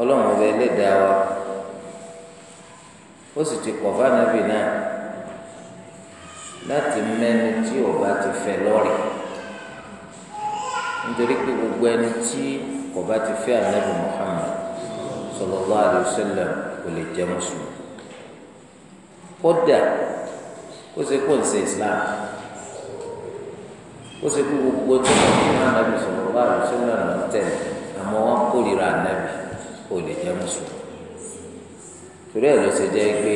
ọlọ́run ọba ẹlẹ́dàá wa ó sì ti pọ̀ náà láti mẹ́ni tí ọba ti fẹ́ lọ́rẹ̀ nítorí pé gbogbo ẹni tí ọba ti fẹ́ ànábì Muhammad sallallahu alaihi kò lè jẹ́ mùsùlùmí kódà ó ṣe kó Islam ó ṣe kó gbogbo tó ń ṣe ànábì tẹ̀lé àmọ́ wọn kó o lè jẹ́ mùsùlùmí torí ẹ̀ ló ṣe jẹ́ pé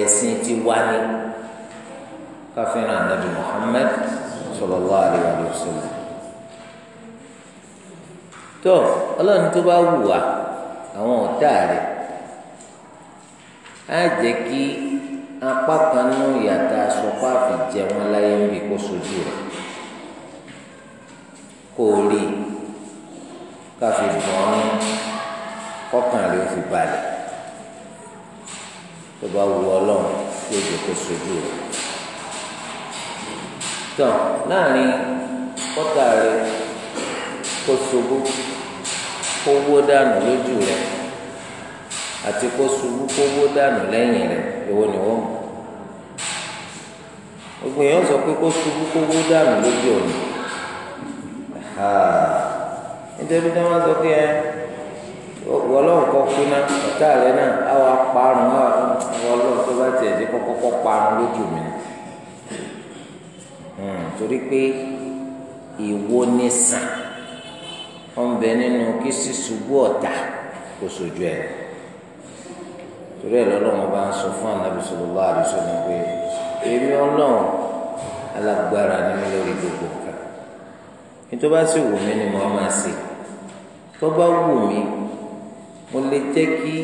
ẹ̀sìn ti wá ní káfíńrà nàbì Muhammad sallallahu alaihi wasallam tó ọlọ́run tó bá wù wá àwọn ọ̀tá rẹ̀ á jẹ́ kí apá kan nínú ìyàtọ̀ asọ́pá àfìjẹ́ wọn láyé ń kó sojú rẹ̀ kó rí i káfi gbọ́n kọ́kàn rẹ̀ ó fi balẹ̀ tó bá wu ọlọ́run yóò jẹ́ kó sojú rẹ̀ tán láàrin kọ́tà rẹ̀ kó ṣubú kó wó dànù lójú rẹ̀ àti kó ṣubú kó wó dànù lẹ́yìn rẹ̀ èwo ni wọ́n mú gbogbo èèyàn sọ pé kó ṣubú kó wó dànù lójú òní nítorí tí wọ́n sọ pé ẹ wọlọ́ọ̀ kọ́ kúná ọ̀tá rẹ náà àwọn apárun náà wọlọ́ọ̀ tó bá tiẹ̀ dé kọ́kọ́kọ́ parun lójú mi hmm, torí pé ìwo ní sàn wọ́n bẹ nínú kí sísúgbó ọ̀tá kò sojú ẹ̀ torí ẹ̀ lọ́lọ́run bá ń sọ fún Ànábì sallallahu alaihi wasallam pé èmi ọlọ́run alágbára nínú lórí gbogbo nítorí bá sì wù mí ni mo máa ṣe tó bá wù mí mo lè jẹ́ kí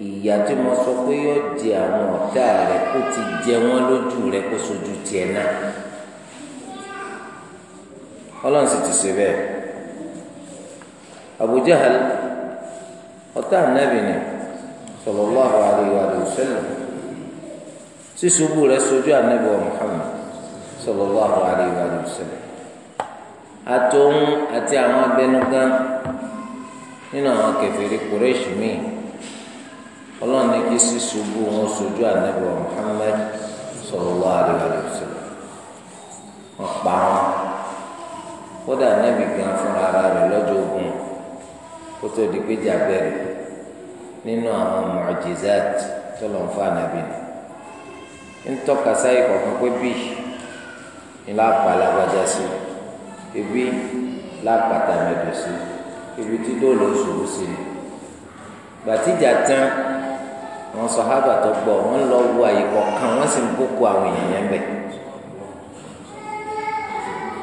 ìyá tí mo sọ pé yóò di àwọn ọ̀tá rẹ kó ti jẹ wọ́n lójú rẹ kó sojú tiẹ̀ náà ọlọ́run sì ti ṣe bẹ́ẹ̀ Abu Jahal ọ̀tá ànábì ni sallallahu alaihi wa sallam sísúbù rẹ sojú ànábì wa Muhammad sallallahu alaihi wa sallam. àtòun àti àwọn abẹnugan nínú àwọn kẹfìrí kùrẹ́ṣì míì ọlọ́run ní kí sísubú wọn sojú ànábì Muhammad sallallahu alaihi wasallam wọn ara rẹ̀ lọ́jọ́ ogun kó tó di pé jàbẹ́rẹ̀ nínú àwọn mu'jizat ibi lápàtà mẹdò ebi ibi tí dóòlù ṣòwò sí ni gbàtíjà tán àwọn sọhábà tó gbọ́ wọn lọ wo àyíkọ kan wọn sì ń kókó àwọn èèyàn yẹn bẹ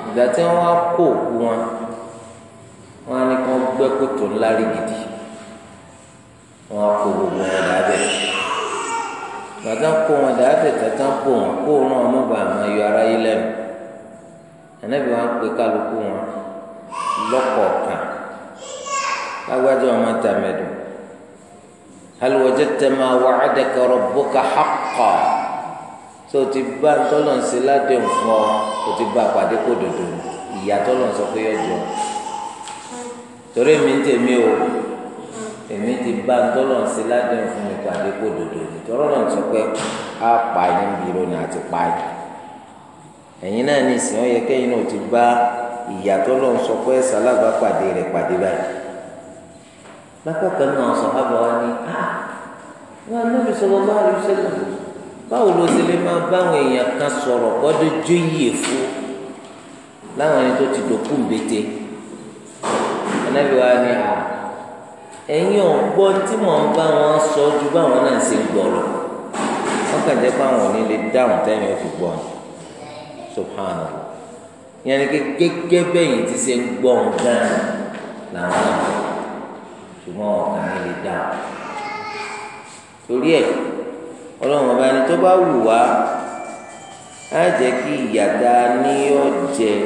ìgbà tí wọn á kó òkú wọn wọn á kí wọn gbẹ́ kòtò ńlá rí gidi wọn kó gbogbo wọn dábẹ gbàtà kó wọn dábẹ tàtà kó wọn kó wọn ọmọ bàá máa ara yìí lẹ́nu ànábì wọn pe kálukú wọn lọ́kọ̀ọ̀kan lágbájá ọmọ tàmẹdù hal wajadta ma wa'adaka rabbuka haqqan tó o ti bá tọ́lọ̀ ń ṣe ládéhùn fún ọ o ti bá pàdé kó dodo ìyá tọ́lọ̀ ń sọ pé yọ jọ torí èmi ń tèmi o èmi ti bá tọ́lọ̀ ń ṣe ládéhùn mi pàdé kó dodo tọ́lọ̀ ń sọ pé yín bí lónìí àti pa yín. ẹ̀yin náà ní ìsìn ọyẹ kẹyìn náà ti bá ìyàtọ̀ lọ sọ pé sàlágbà pàdé rẹ pàdé báyìí lápapọ̀ náà sàhábà wa ni ah, wọn níbi sọlọ bá rí sẹlẹ báwo ló ṣe lè máa báwọn èèyàn kan sọ̀rọ̀ kọdọ jóyè fún láwọn ẹni tó ti dòkú mbete ẹnẹbi wa ni à ah, ẹ̀yin ọgbọ tí mò ń bá wọn sọ ju báwọn náà ṣe gbọrọ wọn kàn pé àwọn ò ní lè dáhùn subhanallah yẹn ni gẹ́gẹ́ bẹ́yìn ti ṣe ń gbọ́ nǹkan làwọn àgbà ṣùgbọ́n ọ̀kan mi lè dà torí ẹ̀ ọlọ́run ọba ẹni tó bá wù wá á jẹ́ kí ìyàtá ní ọ̀jẹ̀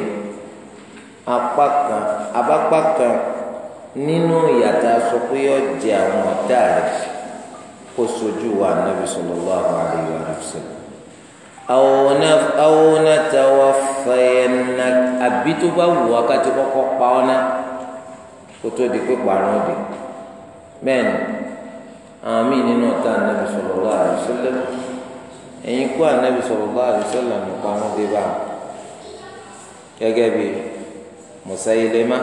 apá kan abápá kan nínú ìyàtá sọ pé ọ̀jẹ̀ àwọn ọ̀tá rẹ̀ kó sojú wa Nabi sallallahu alaihi wa sallam awo na tawa fayana àbí tó bá wù wá ká ti kọ́kọ́ pa ọ́ ná kó tó di pé pààrọ̀ dé bẹ́ẹ̀ ni àwọn míì nínú ọ̀tá ànábì sallallahu alaihi wasallam ẹ̀yin kú ànábì sallallahu alaihi wasallam nípa wọn dé bá gẹ́gẹ́ bí Musailima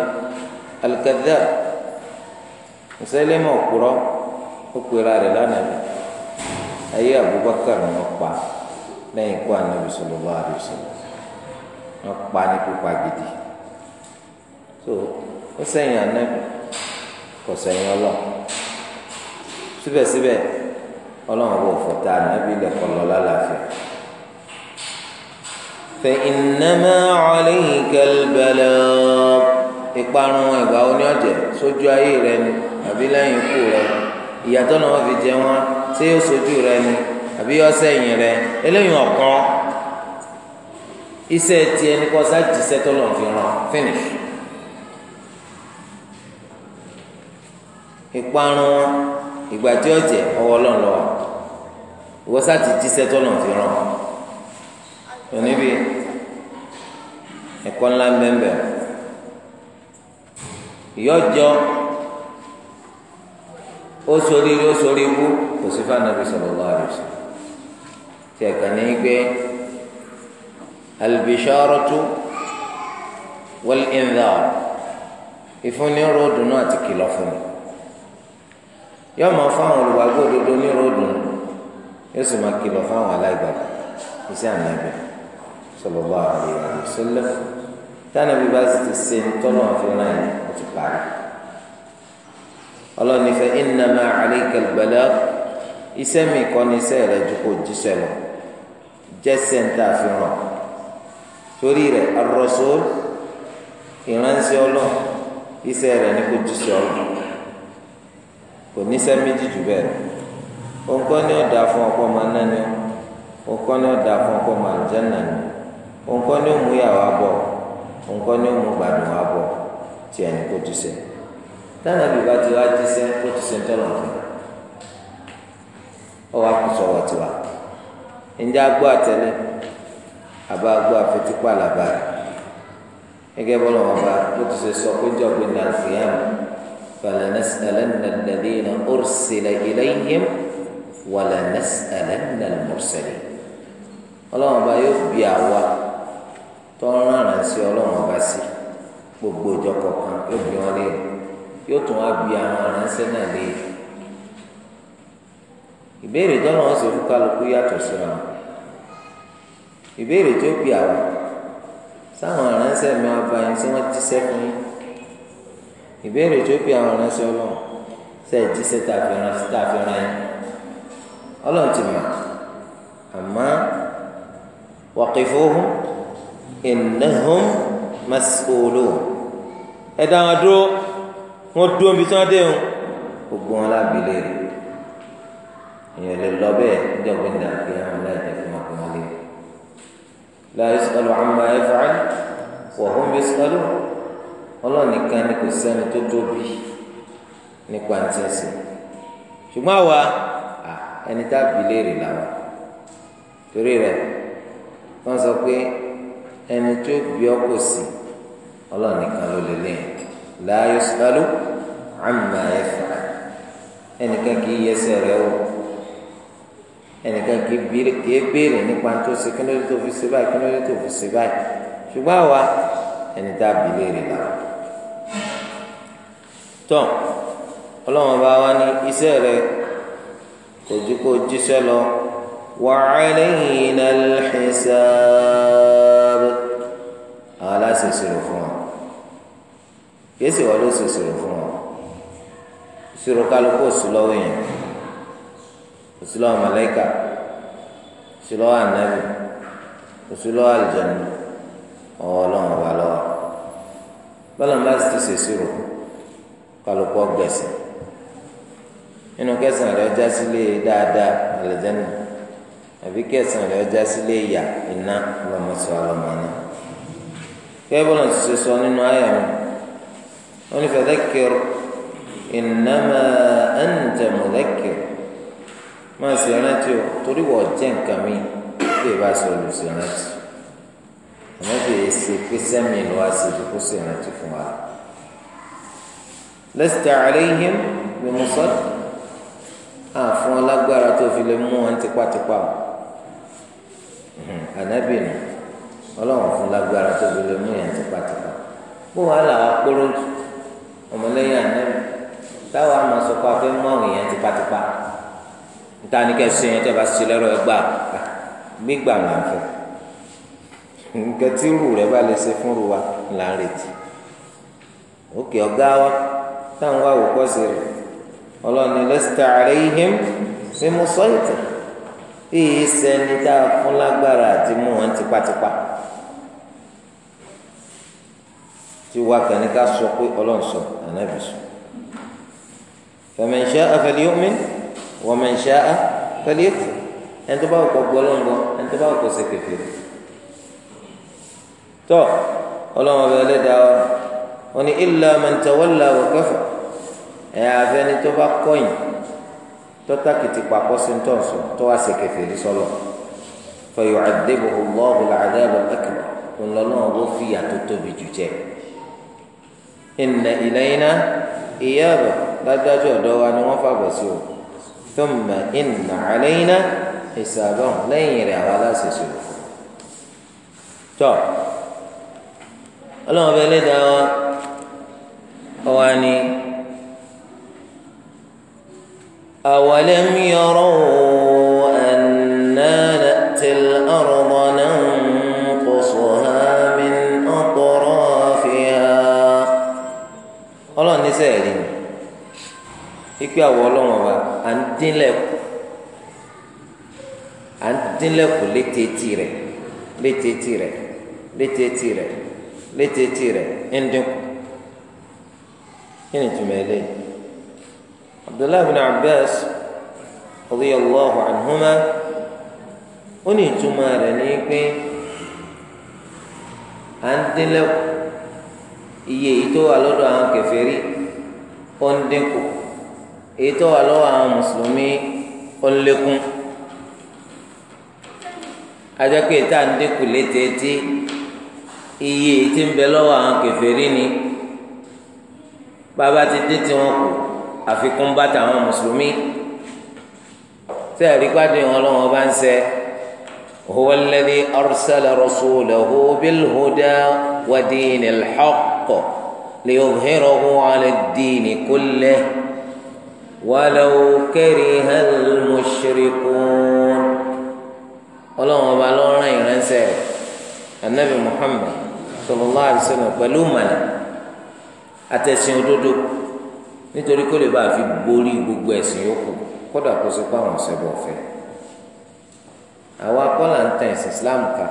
al-kadhdhab Musailima òkúrọ́ ó pera rẹ̀ lánàá ayé Abubakar ni wọ́n lẹ́yìn ikú anabi sallallahu alaihi wasallam wọ́n pa ní pípa gidi so ó sẹ́yìn anabi kò sẹ́yìn ọlọ́ síbẹ̀síbẹ̀ ọlọ́run bò fọ̀tà anabi lẹ́kọ̀ọ́ lọ lálàáfíà. فإنما عليك البلاغ ìparun ìgbà oní ọ̀jẹ̀ sójú ayé rẹ ni àbí lẹ́yìn ikú rẹ ìyàtọ̀ náà fi jẹ wọn tí yóò sójú rẹ ni àbí ọsẹ yìn rẹ eléyìí ọkọ iṣẹ́ tiẹ̀ ní kọ sáàjìṣẹ tó lọ fi ràn finish ìparun ìgbà tí ọjẹ ọwọ́ Ọlọ́run lọ ìwọ sáàtì jíṣẹ́ tó lọ fi ràn oníbi ẹ̀kọ́ ńlá mbẹmbẹ ìyọjọ ó sori ó sori wú kò sí fún anabi sallallahu alaihi wasallam tẹ̀ka ní gbé albisharatu wal indhar ìfúnni ròdùn náà ti kìlọ̀ fún mi yóò máa fáwọn olùwàgbọ́ òdodo ní ròdùn yóò sì máa kìlọ̀ fáwọn aláìgbàgbọ́ iṣẹ́ ànábì sallallahu alaihi wasallam táwọn ibi bá sì ti ṣe tọ́nà àfihàn yìí ó ti parí ọlọ́nifẹ̀ innama alayka albalag iṣẹ́ mi kọ́ ni iṣẹ́ rẹ̀ ju kó jíṣẹ́ lọ. jẹ́ sẹ́ńtà àfihàn torí rẹ̀ ar-rasul ìránṣẹ́ ọlọ́run iṣẹ́ ní kò jíṣẹ́ ọlọ́run kò níṣẹ́ méjì jù bẹ́ẹ̀ lọ ni ọ̀dà fún ọkọ máa ni òǹkọ́ ni ọ̀dà fún ọkọ máa jẹ́ nà ni òǹkọ́ ni òmù yà wá bọ̀ ni òmù gbàdùn wá bọ̀ ní kò jíṣẹ́ táwọn àbíbá ti wá jíṣẹ́ ń tiwa. ǹjẹ́ agbó àtẹlẹ àbá agbó àfetípa làbá gẹ́gẹ́ bọ́lá wọn bá bó ti ṣe sọ pé jọ̀gbìn náà fìyàmù فلنسألن الذين أرسل إليهم ولنسألن المرسلين ọlọ́run ọba yóò bí àwa tó ń rárá sí ọlọ́run ọba sí gbogbo ìjọ kọ̀ọ̀kan yóò bí wọn léèrè yóò tún wá bí àwọn aránṣẹ́ náà léèrè ìbéèrè tọ́lọ́run sì fún kálukú yàtọ̀ síra wọn ìbéèrè tó bí àwọn sáwọn aránṣẹ́ mi ọba yẹn tí wọn jíṣẹ́ fún yín ìbéèrè tó bí àwọn aránṣẹ́ Ọlọ́run ṣe jíṣẹ́ tàbí ránṣẹ́ tàbí rán yín Ọlọ́run ti mọ̀ àmọ́ waqifuhum innahum mas'ulun ẹ dá wọn dúró wọn dúró níbi tí wọn dé wọn gbogbo wọn lábìlẹ rẹ lè lọ bẹ́ẹ̀ níjọba ìdàgbé àwọn láìpẹ́. لا يسأل عما يفعل وهم يسألون Ọlọ́run nìkan ni kò sẹ́ni tó tóbi nípa ntẹsẹ àwa ẹni tá a bì léèrè làwọn torí rẹ̀ wọ́n sọ pé ẹni tó bí ọ kò sí Ọlọ́run nìkan ló lè lẹ́yìn ẹnìkan kìí béèrè nípa tó ṣe kí ló dé tó fi ṣe báyìí kí ló dé tó fi ṣe báyìí ṣùgbọ́n àwa ẹni tá a bì léèrè la. tọ́ ọlọ́run bá wa ní iṣẹ́ rẹ kò ju kó jíṣẹ́ lọ wa alayna al-hisab àwọn aláṣẹ ìṣòro fún wa kí èsì wọn ló ṣe ìṣòro fún wa ìṣòro kálukú òṣù yẹn kò sí lọ́wọ́ màláíkà kò sí lọ́wọ́ ànábì kò sí lọ́wọ́ àlùjànnú ọwọ́ ọlọ́run ọba lọ́wọ́ bọ́lá ń bá ti ṣèṣì rò kálukú ọgbẹ̀sìn nínú kẹsàn-án rẹ̀ ọjà sílé dáadáa àlùjànnú àbí kẹsàn-án rẹ̀ ọjà sílé ìyà iná lọ́mọsọ àlọ́mọ́ná kẹ́ ti ṣe sọ nínú àyà mi wọ́n ní fadhakkir innama anta máa sì rántí o torí wọ́n jẹ́ nǹkan mi bí ìbá sọ olùsè rántí àmọ́ kì í ṣe pé sẹ́mi ló wá sí ìdókòó sì rántí fún wa. lẹ́sítà àríyìn ni mo sọ àfún alágbára tó fi lè mú wọn tipátipá o ànábì nù ọlọ́run fún lágbára tó fi lè mú yẹn tipátipá bó wàhálà wa kúrò ọmọlẹ́yìn ànábì táwa máa sọ pé a fẹ́ mú àwọn èèyàn tipátipá níta ni kẹ́ ṣe yẹn tẹ́ bá ṣe lẹ́rọ ẹ gbà gbígbà là ń fẹ́ nǹkan tí rù rẹ bá lè ṣe fún rù wa là ń retí òkè ọ̀gá wa táwọn wá wò kọ́ sí rẹ̀ ọlọ́ni lẹ́sítà àrẹ ihim ṣe mo sọ ìtàn èyí sẹ́ni tá a fún lágbára àti mú wọn tipátipá tí wà kàní ká sọ pé ọlọ́run sọ ànábì sọ faman sha'a falyu'min wa man sha'a falyakfur ẹni tó bá wù kó gbọ́ lọ́ngbọ́ ẹni tó bá wù kó ṣe kèfèrí tọ́ ọlọ́wọ́n bẹ ọlẹ́dàá wa wọn ni illa man tawalla wa kafar ẹ̀yà afẹ́ni tó bá kọ̀yìn tọ́tàkìtì pàkọ́ sí ntọ́sọ tó wá ṣe kèfèrí sọlọ fa yu'adhibuhu Allahu al-'adhab al-akbar ńlọ́lọ́wọ́n bó fìyà tó ọ̀dọ́ wa ni wọ́n fàgbọ́ sí o. ثم إن علينا حسابهم لن يرى ولا سيسير طب ọlọ́run ọba ẹlẹ́dàá أولم يروا أنا نأتي الأرض ننقصها من أطرافها ọlọ́run ní sẹ́yìn ikú àwọ̀ à ń dínlẹ̀kù à ń dínlẹ̀kù létetí rẹ̀ létetí rẹ̀ létetí rẹ̀ létetí rẹ̀ ń dínkù kí ni tùmọ̀ ẹ léyìí Abdullahi bin Abbas radiyallahu anhuma ó ní ìtumọ̀ rẹ̀ ní pé à iye yìí tó wà lọ́dọ̀ àwọn kèfèrí ó ń dínkù èyí tó wà lọ́wọ́ àwọn mùsùlùmí ó ń lékún ajẹ́pẹ́ ìta ń dínkù létí iye tí ń bẹ lọ́wọ́ àwọn kèfèrí ni bàbá ti dín tiwọn kù àfikún bá tàwọn mùsùlùmí tẹ́ẹ̀rí gbádùn ìwọ̀n lọ́wọ́ bá ń sẹ́ هو الذي أرسل رسوله بالهدى ودين الحق ليظهره على الدين كله ولو كره المشركون ọlọ́run ọba ló rán ìránṣẹ́ rẹ̀ anabi muhammed sallallahu alaihi wasallam pẹ̀lú màlà àtẹ̀sìn òdodo nítorí kó lè bá a fi borí gbogbo ẹ̀sìn yòókù kódà kó sọ pé àwọn ọ̀sẹ̀bọ̀ ọ̀fẹ́ àwa kọ́là ń tàn ẹ̀sìn islam ká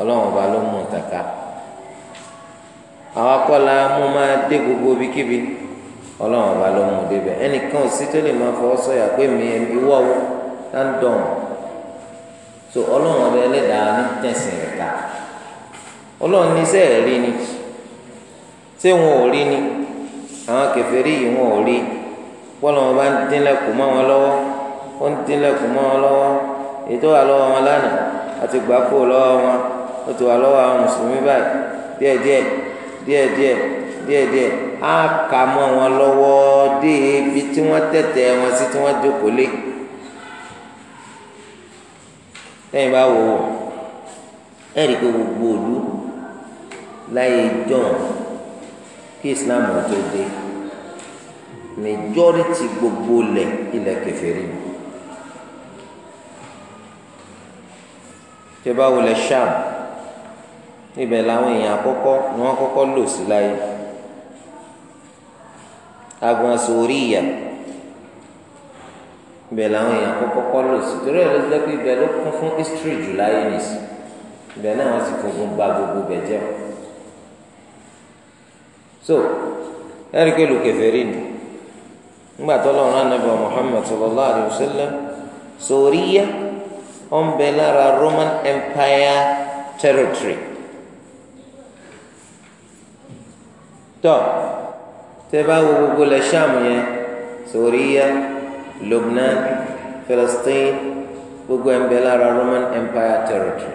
ọlọ́run ọba ló mú un tàka àwa kọ́là mú máa dé gbogbo ibikíbi ọlọ́run ọba ló mú débẹ̀ ẹnìkan ò sí tó lè máa fọwọ́ sọ̀yà pé mi ìwọ́ wo tá ń dọ̀n so ọlọ́run ọba ẹlẹ́dàá ní tẹ̀sìn rẹ̀ ká ọlọ́run ní sẹ́ẹ̀ rí ni ṣé wọn ò rí ni àwọn kèfèrí yìí wọn ò rí bọ́lá wọn bá ń dínlẹ̀kùn mọ́ wọn lọ́wọ́ ó ń dínlẹ̀kùn mọ́ wọn lọ́wọ́ ètò wà lọ́wọ́ wọn lánàá àti gbà lọ́wọ́ wọn ó ti wà lọ́wọ́ àwọn mùsùlùmí báyìí díẹ̀díẹ̀ díẹ̀díẹ̀ díẹ̀díẹ̀ á kà mọ́ wọn lọ́wọ́ dé ibi tí wọ́n tẹ̀tẹ̀ wọn sí tí wọ́n jókòó lé lẹ́yìn bá wò ó ẹ rí i pé gbogbo òlu láyé john kí islam ò tó dé majority gbogbo lẹ ilẹ̀ kèfèrí tí ẹ bá wọlé ibẹ̀ làwọn èèyàn àkọ́kọ́ ni wọ́n kọ́kọ́ lò sí láyé agbọn sòríyà ibẹ̀ làwọn èèyàn kọ́kọ́ kọ́ lò sí torí ẹ̀ ló ti dẹ́kun ibẹ̀ ló kún fún history july nis ibẹ̀ náà wọ́n sì fogun ba gbogbo ibẹ̀ jẹ́ o so ẹ̀rí pé lùkẹ̀fẹ̀rí ni ńgbà tó lọ́run anábì Muhammad sallallahu alayhi wa sallam sòríyà ó ń bẹ lára Roman Empire territory tó tẹ bá wo gbogbo lẹ ṣáàmù yẹn sòríyá lubnan Palestine gbogbo ẹnbẹ lára Roman Empire territory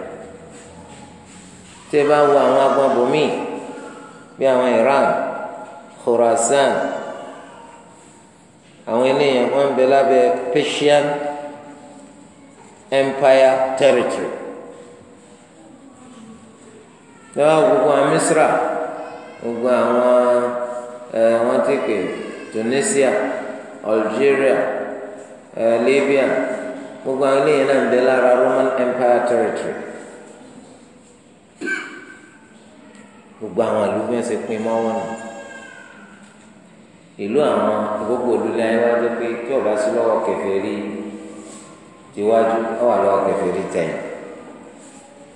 tẹ bá wo àwọn agbọn bòmíì bí àwọn Iran Khorasan àwọn eléyàn wọn bẹ lábẹ́ Persian Empire territory tẹ wo gbogbo àwọn gbogbo àwọn. Eh, wọ́n ti pè Tunisia Algeria eh, Libya gbogbo àwọn eléyìí náà ń bẹ Roman Empire territory gbogbo àwọn ìlú bí wọ́n ṣe pín mọ́ wọn ìlú àwọn gbogbo olùlẹ̀ ayé wájú pé kí ọba sí lọ́wọ́ kẹfẹ́ rí tiwájú ọwà lọ́wọ́ kẹfẹ́ rí tẹ̀yìn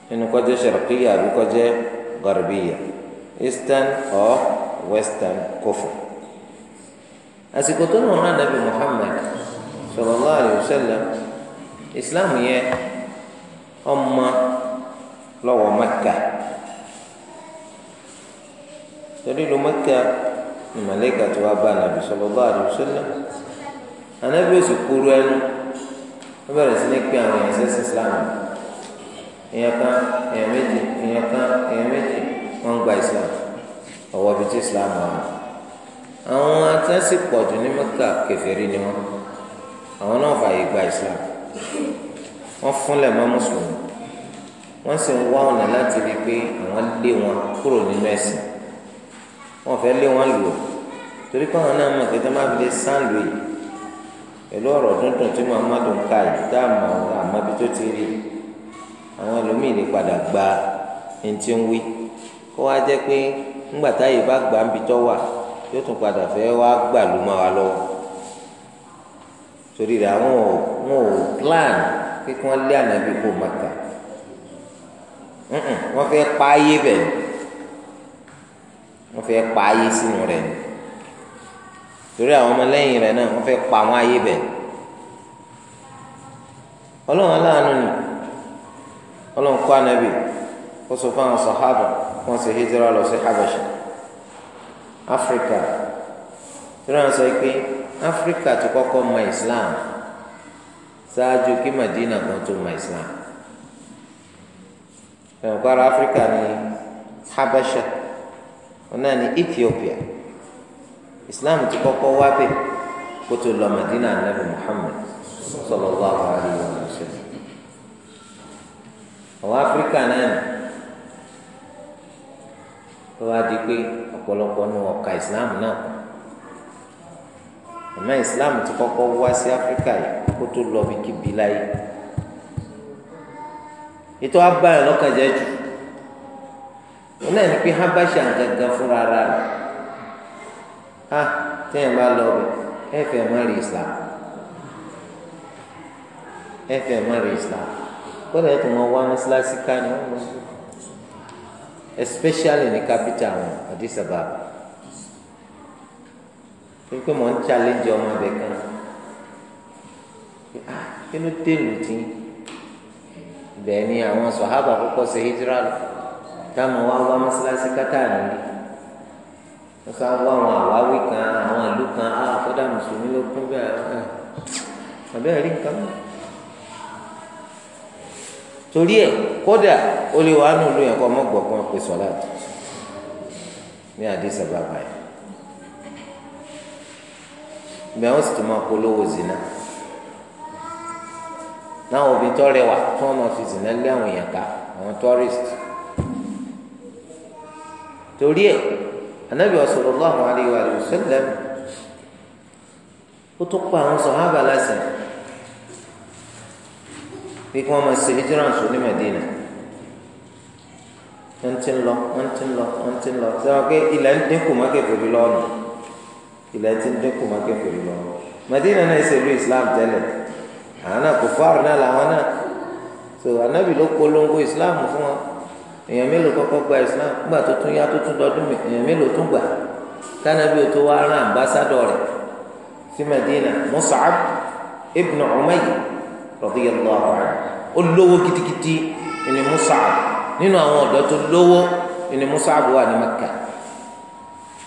nínú kọjá àbí kọjá eastern or. western kófò àsìkò tó lòun náà nàbì Muhammad sallallahu alaihi wasallam islam yẹ ọmọ lọ́wọ́ mẹ́kà torí lu mẹ́kà ni màlẹ́kà tó wá bá nàbì sallallahu alaihi wasallam anabi oṣù kúrú ẹnu ó bẹ̀rẹ̀ sí ní pé àwọn èèyàn sẹ́sìn islam èèyàn kan èèyàn méjì èèyàn gba islam ọwọ́ bíi tí islam wà àwọn atẹ́sí pọ̀jù ní mẹ́kà kèfèrí ni wọ́n àwọn náà fààyè gba islam wọ́n fúnlẹ̀ mọ́ mùsùlùmí wọ́n sì ń wá ọ̀nà láti rí i pé àwọn lé wọn kúrò nínú ẹ̀sìn wọ́n fẹ́ lé wọn lò torí pé àwọn náà mọ̀ pé tó máa fi lè sàn lò yìí pẹ̀lú ọ̀rọ̀ dúndùn tí muhammadu ń ka yìí tá a mọ̀ àmọ́ bí tó ti rí àwọn ẹlòmíì lè padà gba ẹni tí ń wí kó wá jẹ́ pé ńgbà táyé bá gbà ń bitọ́ wà yóò tún padà fẹ́ wá gbà ló máa wà torí àwọn ò plan kí wọ́n lé ànábì kó màkà wọ́n fẹ́ pa ayé bẹ̀ wọ́n fẹ́ pa ayé sínú rẹ̀ torí àwọn ọmọlẹ́yìn rẹ̀ náà wọ́n fẹ́ pa àwọn ayé bẹ̀ ọlọ́run aláàánú ni ọlọ́run kọ́ wọ́n ṣe hijira lọ sí Habasha Áfíríkà tí wọ́n sọ pé Áfíríkà ti kọ́kọ́ mọ Islam ṣáájú kí Madina kan tó mọ Islam ẹnìkọ́ra Áfíríkà ní Habasha wọn náà ní Ethiopia Islam ti kọ́kọ́ wá bẹ̀ kó tó lọ Madina Nabi Muhammad sallallahu alayhi wa sallam àwọn Áfíríkà náà. tó a di pé ọ̀pọ̀lọpọ̀ nu ọ̀ka islam náà eme islam ti kọ́kọ́ wá sí áfíríkà yìí kó tó lọ bí kíbi láyé ètò abáyọ lọ́kàn jù wọn náà ní pé habasha gangan fúnra ha bá lọ ẹ fẹ́ islam ẹ fẹ́ islam kó lè tó wá ká ni especially ní capital wọn Addis Ababa mo n challenge ọmọ ibẹ̀ kan inú ah, dèlù tí bẹ́ẹ̀ ni àwọn sọ̀hábà kọ́kọ́ ṣe hijira lọ táwọn wá wá mọ́ṣáláṣí kátà nìyí wọ́n sá wá àwọn àwáwí kan àwọn ìlú kan ah, mùsùlùmí ló kún bẹ́ẹ̀ ah, rí nǹkan torí ẹ kódà ó lè wà nù lóyún ẹkọ ọmọgbọgbọn pè sọlá ní àdìsá bàbá yìí ìgbà wọn sì tún máa polówó zina náà òbí tọrẹ wà tí wọn fi zina lé àwọn èèyàn ká àwọn tọrìst torí ẹ anabi sallallahu alaihi wa sallam ó tún pa àwọn sọhábà lásìkò pé kí wọ́n máa ṣe ìjírànsó ní Madina wọ́n ti ń lọ wọ́n ti ń lọ wọ́n ti ń lọ sọ pé ilẹ̀ ń dínkù mọ́kẹ́fèrè lọ́nà ilẹ̀ ti ń dínkù mọ́kẹ́fèrè lọ́nà Madina náà ṣe ìlú Islam tẹ́lẹ̀ àwọn náà kò fáàrù náà làwọn náà so anabi ló polongo Islam fún wọn èèyàn mélòó kọ́kọ́ gba Islam gbà tó tún yá tó tún dọdún mi èèyàn mélòó tún gbà kánábì tó wá rán ambassadọ rẹ̀ sí Madina Mus'ab ibn Umayr radiyallahu anhu ó lówó kitikiti ìní Mus'ab nínú àwọn ọ̀dọ́ tó lówó ìní Mus'ab wà ní Mẹ́kà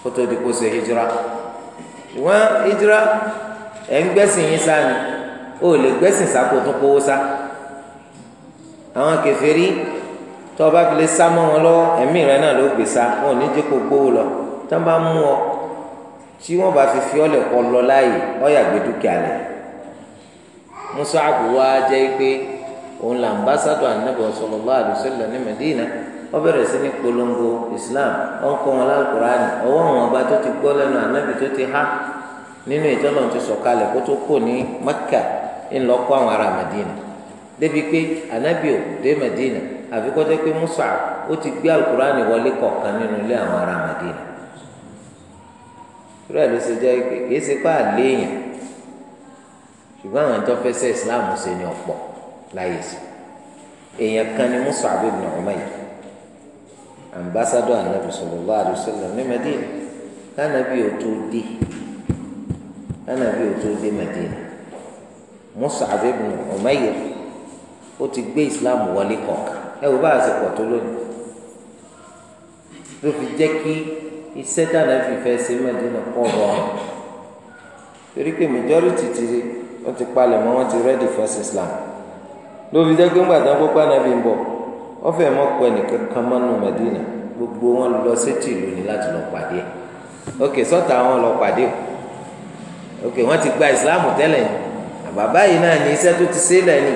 kótó di kó ṣe hijira ṣùgbọ́n hijira ẹ̀ ń gbẹ́sìn yín sá ni ó lè gbẹ́sìn sáko tó kówó sá àwọn kèfèrí tó o bá fi lè sá mọ́ wọn lọ́wọ́ ẹ̀mí rẹ náà ló gbé sá wọn ò ní jẹ́ kó gbówó lọ tó ń bá mú ọ tí wọ́n bá fi fi ọ́ lẹ̀ lọ láàyè ọ́ yàgbé dúkìá Mus'ab wá jẹ́ ikpe òun là ń bá sádọ̀ ànábì ní Medina wọ́n sí polongo Islam wọ́n kọ́ wọn lálùkùránì ọwọ́ àwọn ọba tó ti gbọ́ lẹ́nu anabi tó ti ha nínú ìtọ́lọ̀ ti sọ̀kalẹ̀ kó tó kò ní Mẹ́kà ńlọ àwọn ará Medina débi pé ànábì ò dé Medina àfikọ́ pé ó ti gbé àlùkùránì wọlé kọ̀ọ̀kan nínú ilé ṣùgbọ́n àwọn tó fẹ́ sẹ́ islam ṣe ni ọ̀pọ̀ láyé sí èèyàn kan ni Mus'ab ibn Umayr ambassadọ anabi sallallahu alaihi wasallam ní Madina kánàbí ò tó dé kánàbí ò tó dé Madina Mus'ab ibn Umayr ó ti gbé islam wọlé kọ̀ọ̀kan ẹ wò bá àṣepọ tó lónìí ló fi jẹ́ kí iṣẹ́ tànàbí fẹ́ ṣe Madina pọ̀ rọrùn torí pé majority ti rí wọ́n ti palẹ̀ mọ́ wọ́n ti rẹ́dì fẹ́sì islam lóbi jẹ́ pé ńgbà tí wọ́n kópa nàbí ń bọ̀ wọ́n fẹ́ mọ́ pẹ́ nìkan kan mọ́nú mẹ́dínà gbogbo wọn lọ sétí ìlú ni láti lọ pàdé ok sọ́tà wọn lọ pàdé o ok wọ́n ti gba islam tẹ́lẹ̀ ni àbàbá yìí náà ní iṣẹ́ tó ti ṣe lẹ́ni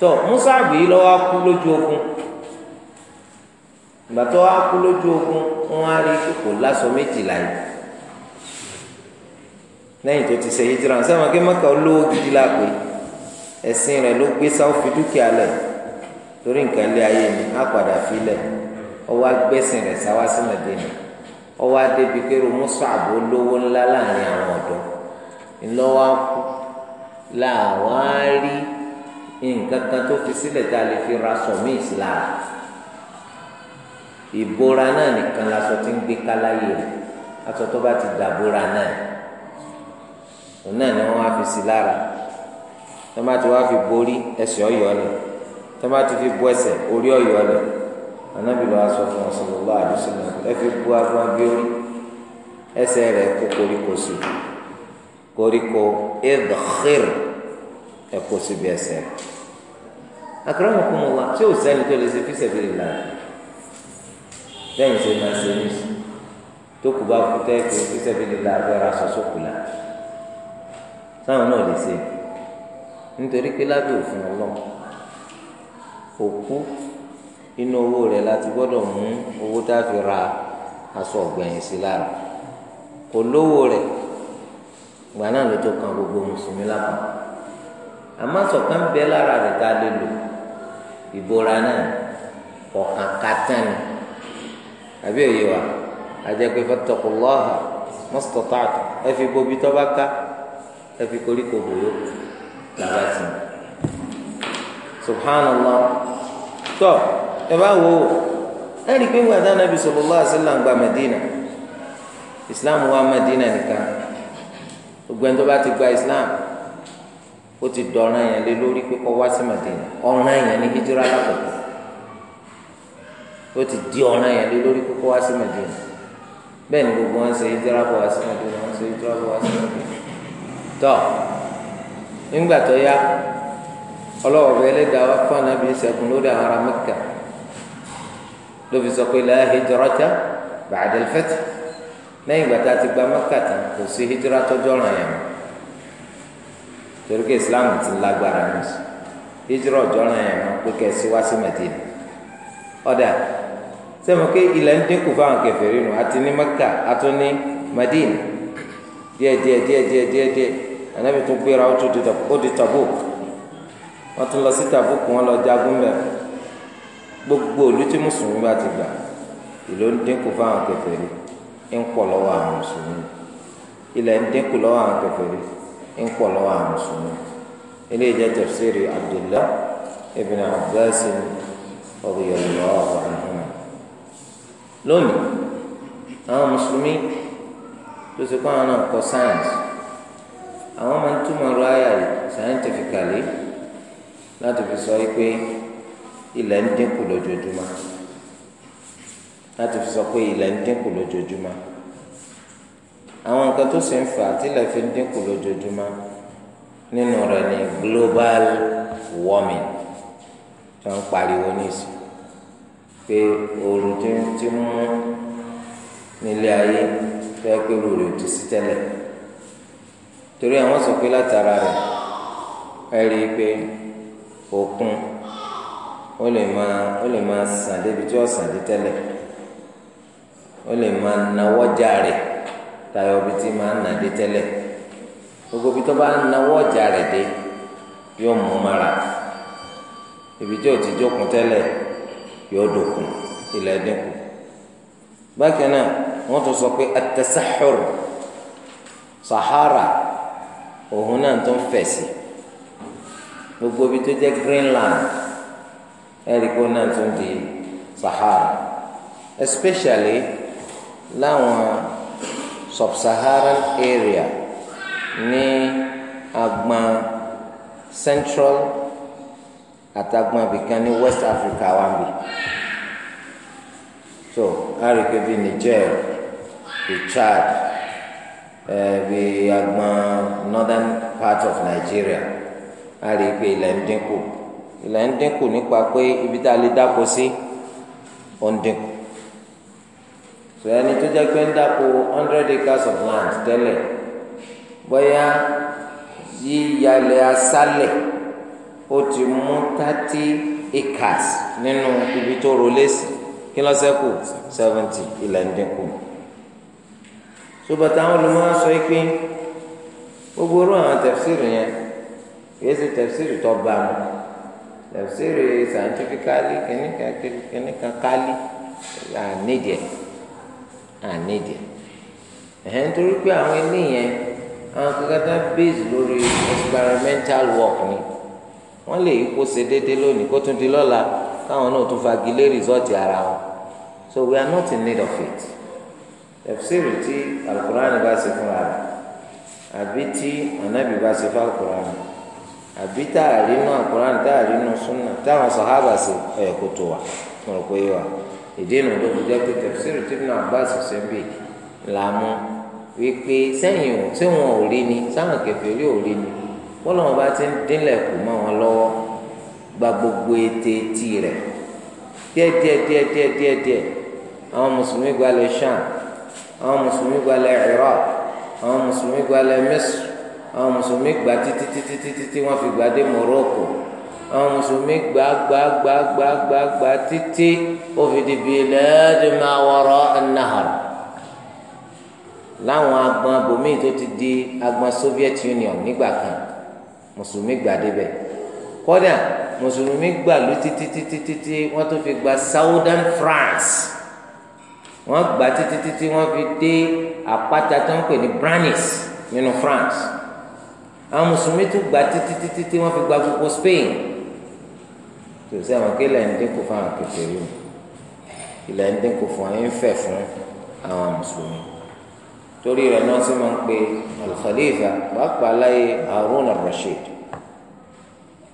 tọ́ musa àgbè yìí lọ́wọ́ kú lójú ogun ìgbà tó wá kú lójú ogun wọ́n á rí kò lásọ méjìlá yìí. lẹ́yìn tó ti ṣe hijira ṣé àwọn akémàkà olówó gidi la pé ẹ̀sìn rẹ̀ ló gbé sáwọ́ fi dúkìá lẹ̀ torí nǹkan lé ayé ni á padà fi lẹ̀ ọwọ́ agbẹ́sìn rẹ̀ sáwá sí mẹ́tẹ́ni ọwọ́ adébi kéro Mus'ab olówó ńlá láàrin àwọn ọ̀dọ́ ńlọ́wọ́ akú làwọn á rí nǹkan kan tó fi sílẹ̀ tá a lè fi ra ìbora náà nìkan ti ń gbé òun náà ni wọ́n wá fi sí lára tó bá ti wá fi borí ẹsẹ̀ ọ̀yọ́ lẹ̀ tó bá ti fi bo ẹsẹ̀ orí ọ̀yọ́ lẹ̀ anábì lọ́wọ́ sọ fún sallallahu alaihi wasallam ẹ fi bu agbọn bí orí ẹsẹ̀ rẹ̀ kó koríko sí koríko idkhir ẹ kó síbi ẹsẹ̀ rẹ̀ akramakumullah tí ò sẹ́ni tó lè ṣe fi ṣẹ̀bi lè la lẹ́yìn ṣe máa ṣe ní tó kù bá kú tẹ́ fi ṣẹ̀bi lè la abẹ́rẹ́ aṣọ sókù la táwọn náà lè ṣe nítorí pé lábẹ́ òfin ọlọ́ òkú inú owó rẹ̀ láti gbọ́dọ̀ mú owó tá a fi ra aṣọ ọ̀gbẹ̀yìn sí lára kò lówó rẹ̀ gbà náà ló tó kan gbogbo mùsùlùmí lápá àmọ́ sọ̀kan bẹ lára rẹ̀ tá a lè lò ìbora náà ọ̀kan kátán ni àbí òye wa àjẹpẹ́ fẹ́ mọ́sítọ́tà ẹ fi gbóbi tọ́ ká ẹ fi koríko bòyó làbá sí i subhanallah tọ ẹ bá wo ẹ rí i pé wàdà nàbì sallallahu alaihi wasallam gba Madina Islam wà Madina nìkan gbogbo ẹni tó bá ti gba Islam ó ti dọ̀ràn yẹn lé lórí pé kó wá sí Madina ọ̀ràn yẹn ní hijira lápapọ̀ ó ti di ọ̀ràn yẹn lé lórí pé kó wá sí Madina bẹ́ẹ̀ ni gbogbo wọn ṣe hijira bọ̀ wá sí Madina wọn ṣe hijira bọ̀ wá sí Madina tọ́ nígbà tó yá ọlọ́wọ́ bẹ́ẹ̀ lé da wá fún anábì ṣẹ́gun lórí àwọn ará mẹ́kà ló fi sọ pé la hijrata ba'da al-fath lẹ́yìn ìgbà tá a ti gba mẹ́kà tán kò sí hijira tọ́jọ́ ràn yàn torí pé islam ti lágbára ní sùn hijira ọjọ́ ràn pé kẹ́ ẹ sí wá sí ọ̀dà sẹ́mi pé ilẹ̀ ń dínkù fáwọn kèfèrí nù àti ní mẹ́kà àtúní Mẹ́dínà díẹ̀ díẹ̀ díẹ̀ díẹ̀ díẹ̀ díẹ̀ anabi tún gbéra ó tún di Tabuk wọn tún lọ sí Tabuk wọn lọ jagun bẹ gbogbo olú tí mùsùlùmí bá ti gbà ìlú ń dínkù fáwọn kèfèrí ń pọ̀ lọ́wọ́ àwọn mùsùlùmí ilẹ̀ ń dínkù lọ́wọ́ àwọn kèfèrí ń pọ̀ lọ́wọ́ àwọn mùsùlùmí ilé ìjẹ́ tafsiri Abdullah ibn Abbas radiyallahu anhuma lónìí àwọn mùsùlùmí tó ṣe kó àwọn náà kọ science àwọn máa ń túmọ̀ ọ̀rọ̀ àyà scientifically láti fi sọ yìí pé ilẹ̀ ń dínkù lójoojúmọ́ láti fi sọ pé ilẹ̀ ń dínkù lójoojúmọ́ àwọn nǹkan tó sì ń fà á tí ilẹ̀ fi ń dínkù lójoojúmọ́ nínú rẹ̀ ni global warming tó ń pariwo nísì pé ooru ti ń mú nílé ayé. fẹ́ pé rẹ̀ ti sí tẹ́lẹ̀ torí àwọn sọ pé látara rẹ̀ ẹ pé òkun ó lè máa ó lè máa sàn débi tí ó sàn dé tẹ́lẹ̀ ó lè máa nawọ́ já rẹ̀ tayọ bí tí máa nà dé tẹ́lẹ̀ gbogbo bí tó bá nawọ́ já rẹ̀ dé yóò mú mara ibi ti jókun tẹ́lẹ̀ yóò dòkun ilẹ̀ dínkù wọ́n tún sọ pé at-tasahhur sahara òun náà tó ń fẹ̀ sí gbogbo ibi tó jẹ́ Greenland ẹ̀ríkó náà tó di sahara especially láwọn sub-Saharan area ní agbọn Central àtàgbọn abìkan ní West Africa wà bí so ẹ̀ríkó bíi Niger. the Chad, uh, the Agbon northern part of Nigeria a rí i pé ilẹ̀ ń dínkù ilẹ̀ ń dínkù nípa pé ibi tá a lè dáko sí ó ń dínkù so ẹni tó jẹ́ pé ń dáko hundred acres of land tẹ́lẹ̀ bóyá yíyalẹ̀ asálẹ̀ ó ti mú thirty acres nínú ibi tó rolé sí kí ló ṣẹ́kù seventy ilẹ̀ ń dínkù. ṣùgbọ́n táwọn olùmọ̀ọ́ sọ pé gbogbo orú àwọn tẹ̀fsìrì yẹn kìí ṣe tẹ̀fsìrì tó bá mu tẹ̀fsìrì scientifically kìnnìkan kálí ànídìẹ̀ ànídìẹ̀ ẹ̀hẹ́ nítorí pé àwọn ilé yẹn àwọn kankan tán base lórí experimental work ni wọ́n lè yí kó ṣe déédéé lónìí kó tún di lọ́la káwọn náà tún fagilé result ara wọn so we are not in need of it tẹ̀fsìrì tí alukur'ani bá ṣe fúnra rẹ̀ àbí tí anabi bá ṣe fún alukur'ani àbí tá a rí inú alukur'ani tá a rí inú súnà táwọn sàhábà ṣe ẹ̀ kó tó wa mo rò pé wa ìdí nu tó ti jẹ́ pé tẹ̀fsìrì tí Ibn Abbas ṣe ń bì làmú wípé sẹ́yìn o tí wọn ò rí ni sáwọn kẹfẹ́ rí ò rí ni wọ́n lọ́wọ́ bá ti ń dínlẹ̀ kù mọ́ wọn lọ́wọ́ gba gbogbo ète etí rẹ̀ díẹ̀ díẹ̀ díẹ̀ díẹ̀ díẹ̀ àwọn mùsùlùmí gbalẹ̀ ṣáà àwọn mùsùlùmí gbalẹ̀ Iraq àwọn mùsùlùmí gbalẹ̀ Misr àwọn mùsùlùmí gba títí títí títí tí wọ́n fi gba dé Morocco àwọn mùsùlùmí gba gba gba gba gba gba títí ó fi di bilad ma wara an-nahar láwọn agbọn abòmíì tó ti di agbọn Soviet Union nígbà kan mùsùlùmí gba débẹ̀ kódà mùsùlùmí gbàlú títí títí títí wọ́n tó fi gba Southern France wọ́n gbà títí títí wọ́n fi dé àpáta tó ń pè ní Branis nínú France àwọn mùsùlùmí tún gbà títí títí tí wọ́n fi gba gbogbo Spain tó sẹ àwọn kí lẹ́yìn dínkù fún àwọn kékeré o ilẹ̀ ń dínkù fún ẹ̀yìn fẹ̀ fún àwọn mùsùlùmí torí rẹ̀ náà sì máa ń pe al-Khalifa wàá pa aláyé Harun al-Rashid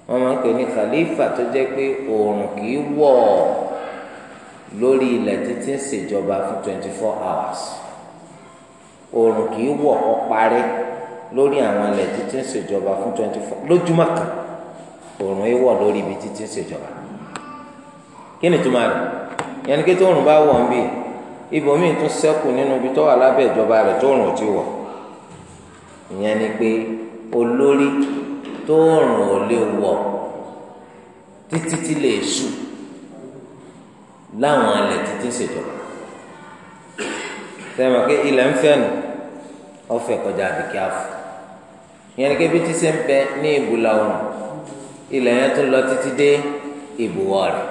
wọ́n máa ń pè ní Khalifa tó jẹ́ pé oòrùn kì í wọ̀ ọ́ lórí ilẹ̀ títí ń ṣèjọba fún twenty four hours oòrùn kì í wọ̀ ọ́ parí lórí àwọn ilẹ̀ títí ń ṣèjọba fún twenty four lójúmọ́ kan oòrùn yìí wọ̀ lórí ibi títí ń ṣèjọba kí ni túmọ̀ rẹ̀ yẹnni kí tóòrùn bá wọ̀ ń bì ibòmíì tún ṣẹ́kù nínú ibi tó wà lábẹ́ ìjọba rẹ̀ tóòrùn ò ti wọ̀ ìyẹn ni pé olórí tóòrùn ò lè wọ̀ títí tí lè sùn láwọn ilẹ̀ títí ṣèjọba sẹ́yìn pé ilẹ̀ ń fẹ́ nù ọ̀fẹ́ kọjá àbíkí àfọ̀ ìyẹn ni kébí tí ṣe ń bẹ ní ìbùlà òrùn ilẹ̀ yẹn tó lọ títí dé ìbùwọ̀ rẹ̀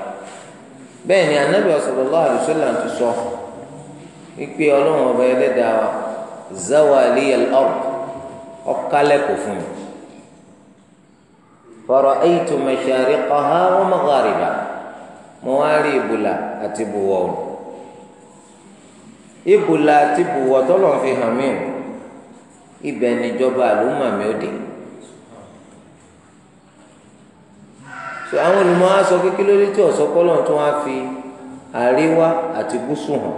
bẹ́ẹ̀ ni anabi sallallahu alaihi wasallam ti sọ wípé ọlọ́run ọba ẹlẹ́dàá wa zawali al-ard ọ̀kálẹ̀ kò fún mi fara'aytu mashariqaha wa magharibaha mo wá rí ìbùlà àti ìbùwọ̀ o ìbùlà àti ìbùwọ̀ tọ́lọ̀ fi hàn mí ibẹ̀ níjọba àlùmọ̀ mi ò dé so àwọn olùmọ̀ á sọ kékeré lórí tí ọ̀sọ́ kọ́lọ̀ tó wá fi àríwá àti gúúsù hàn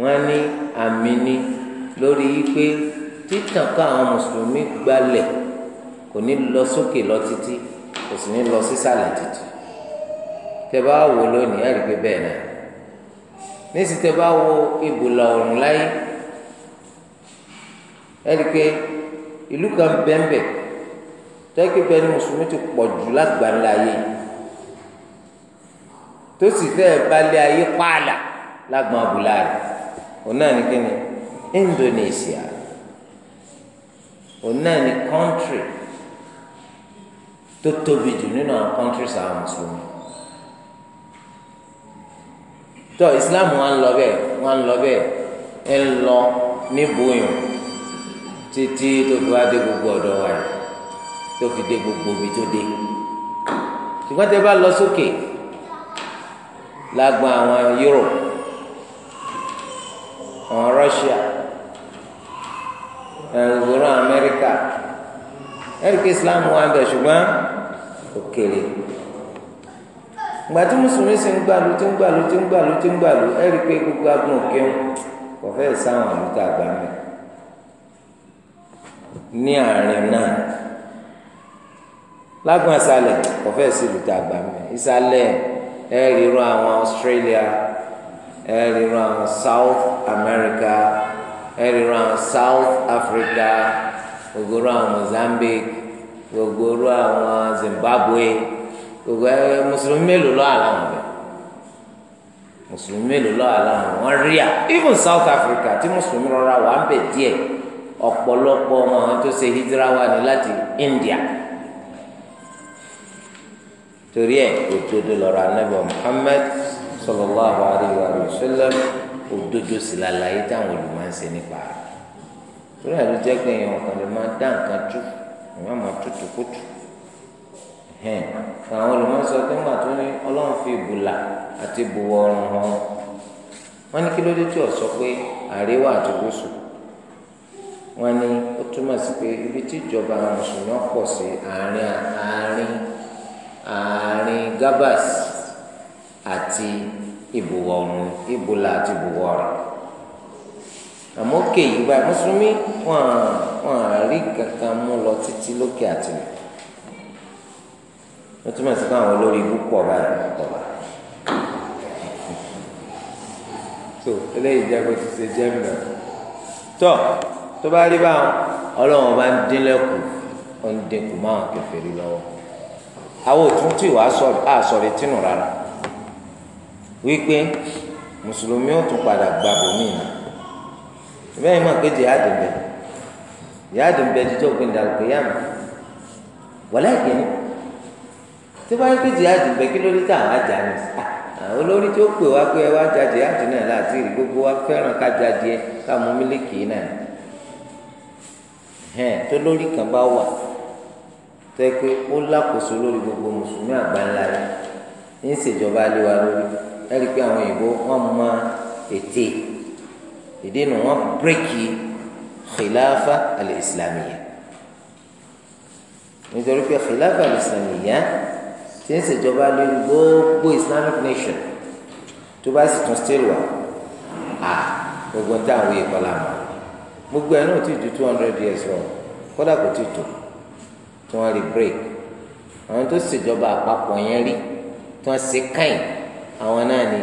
wọ́n ní àmì ni lórí wípé títàn ká àwọn mùsùlùmí gbalẹ̀ kò ní lọ sókè lọ títí. So, kò sì ní lọ sísàlẹ̀ títì tẹ bá wò lónìí ẹ̀rí pé bẹ́ẹ̀ náà níṣì tẹ bá wo ìbùlà ọ̀run láyé ẹ̀rí pé ìlú kan bẹ́ẹ̀nbẹ́ tẹ́kíbẹ́ ni mùsùlùmí ti pọ̀ jù lágbàńlá ayé tó sì fẹ́ẹ́ balẹ̀ ayé pààlà lágbọn abùlà rẹ̀ òun náà ní kíni Indonesia òun náà ní country tó tóbi jù nínú àwọn countries àwọn mùsùlùmí tó islam wa ń lọ bẹ́ẹ̀ wa ń lọ bẹ́ẹ̀ ẹ ń lọ ní bóyún títí tó fi wá dé gbogbo ọ̀dọ̀ wa yìí tó fi dé gbogbo omi tó dé ṣùgbọ́n tẹ bá lọ sókè lágbọn àwọn Europe àwọn Russia ẹ̀ ń wòran Amẹ́ríkà. ẹ̀ríkì islam wà bẹ̀ ṣùgbọ́n òkèlè gbàtí mùsùlùmí sì ń gbàlú tí ń gbàlú tí ń gbàlú tí ń gbàlú ẹ̀ríkì gbogbo agbọ̀n kéwọn kò fẹ́ sáwọn àlùtà àgbà ní àárín náà lágbọn asalẹ kọfẹ sí lùtà àgbà mẹ ìsàlẹ̀ àwọn Australia ẹ àwọn South America ẹ àwọn South Africa ògòrò àwọn gbogbo ru àwọn Zimbabwe gbogbo ẹ mùsùlùmí mélòó lọ́wọ́ àláwọn bẹ̀ mùsùlùmí mélòó lọ́wọ́ àláwọn wọn rí à even South Africa tí mùsùlùmí rọra wà ń bẹ̀ díẹ̀ ọ̀pọ̀lọpọ̀ àwọn tó ṣe hijira wà láti India torí ẹ òdodo lọ́rọ̀ anabi Muhammad sallallahu alayhi wa sallam òdodo sì lálàyé táwọn olùmọ̀ ń ṣe nípa rẹ̀ torí ẹ ló jẹ́ pé èèyàn kan lè máa dá nǹkan jù èèyàn máa tutù kutù hẹn àwọn olùmọ̀sọ pé ńgbà tó ní ọlọ́run fi ìbùlà àti ìbùwọ̀ ọ̀run hàn wọ́n ní kí ló dé tí ò sọ pé àríwá àti gúúsù wọ́n ní ó túmọ̀ sí pé ibi tí ìjọba mùsùlùmí pọ̀ sí àárín àárín àárín gabas àti ìbùwọ̀ ọ̀run ìbùlà àti ìbùwọ̀ ọ̀run àmọ́ òkè yìí báyìí mùsùlùmí wọn à wọn à rí kankan mú lọ títí lókè àtìlẹ̀ wọ́n túmọ̀ sí káwọn olórí ibú pọ̀ báyìí pọ̀ báyìí. tó eléyìí jẹ́ kó ti ṣe jẹ́ mìíràn tó tó bá rí báwọn ọlọ́run bá ń dínlẹ̀kù ó ń dínkù máwọn kèfèrí lọ́wọ́ àwọn òtún tí wàá tìǹù rárá wípé mùsùlùmí ó tún padà gbàbọ̀ mí ṣùgbọ́n ìmọ̀ pé jihad ń bẹ jihad ń bẹ jíjọ́ òpin ìdàgbé yá mi wọ́lẹ́kìn tí wọ́n pé jihad ń bẹ kí ló dé tá àwọn àjà mi olórí tí ó pè wá pé ẹ wá jà jihad náà láti rí gbogbo wa fẹ́ràn ká jà díẹ̀ ká mú mílíkì náà hẹ́n tó lórí kan bá wà tẹ́ pé ó lákòóso lórí gbogbo mùsùlùmí àgbáńlá rẹ̀ ń ṣèjọba lé wa lórí ẹ rí i pé àwọn òyìnbó wọ́n mọ ète ìdí nu wọn bírèkì khilafa al-islamiyya nítorí pé khilafa al-islamiyya ti ń ṣèjọba lórí gbogbo islamic nation tó bá sì tún still wà á gbogbo táwọn yìí kọlá mọ gbogbo ẹ náà ti ju two hundred years lọ kódà kò ti tó tí wọn rí break àwọn tó ṣèjọba àpapọ̀ yẹn rí tí wọn ṣe káyìn àwọn náà ni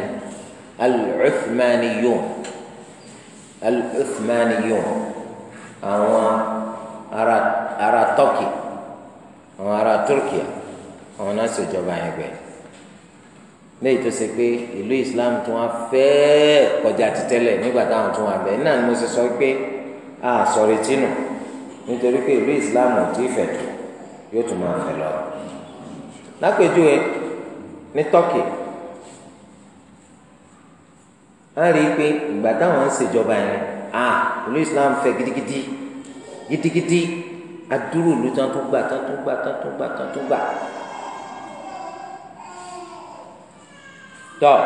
al-Uthmaniyun al-Uthmaniyun àwọn ará تركيا Tọ́kì àwọn تركيا Turkiya ناس náà ṣèjọba yẹn gbẹ léyìí tó ṣe pé ìlú Islam tí wọ́n fẹ́ẹ́ kọjá ti tẹ́lẹ̀ nígbà táwọn tún wà bẹ́ẹ̀ náà ni mo ṣe sọ pé a sọ̀rọ̀ etí nù nítorí pé ìlú Islam ò tí tó yóò tún máa fẹ̀ lọ. lápèjúwe ní Tọ́kì á rí i pé ìgbà táwọn ń ṣèjọba yẹn à ìlú islam fẹ́ gidigidi gidigidi adúrú ìlú tán tó gbà tán tó gbà tán tó gbà tán tó gbà. tọ́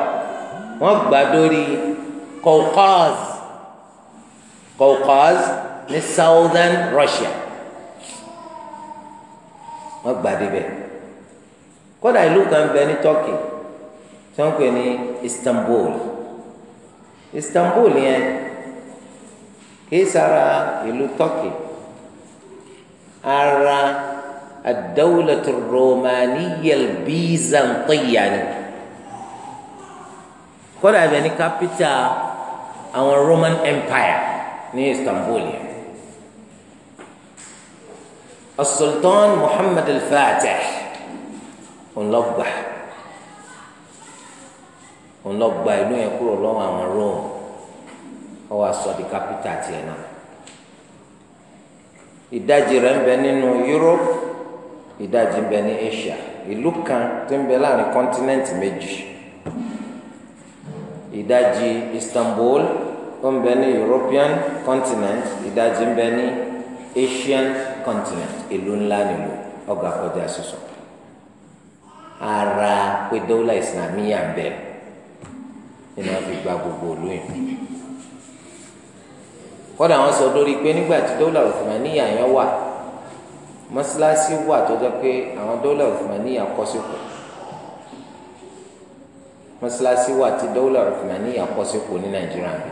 wọ́n gbà dórí Caucas Caucas ní southern Russia wọ́n gbà débẹ̀ kódà ìlú kan bẹ ní Turkey tí wọ́n pè ní Istanbul. Istanbul yẹn kìí sara ìlú Turkey ara adawulatu romaniyal bizantiya ni kódà ibẹ̀ ni kápítà àwọn Roman Empire ní Istanbul yẹn. السلطان محمد الفاتح ونلبح òun lọ gba ìlú yẹn kúrò lọ́wọ́ àwọn Rome ó wá sọ di capital tiẹ̀ náà ìdajì rẹ̀ ń bẹ nínú Europe ìdajì ń bẹ ní Asia ìlú kan tó ń bẹ láàrin continent méjì ìdajì Istanbul ó ń bẹ ní European continent ìdajì ń bẹ ní Asian continent ìlú ńlá nílò ọgà kọjá sísọ ara pé dọ́là ìsìlámíyà ń bẹ̀rẹ̀ nínú wọn fi gba gbogbo òlu yẹn kódà wọn sọ lórí pé nígbà tí dọ́là Usmaniya yẹn wà mọ́sálásí wà tó jẹ́ pé àwọn dọ́là Usmaniya kọ́ sípò mọ́sálásí wà tí dọ́là Usmaniya kọ́ sípò ní nàìjíríà mi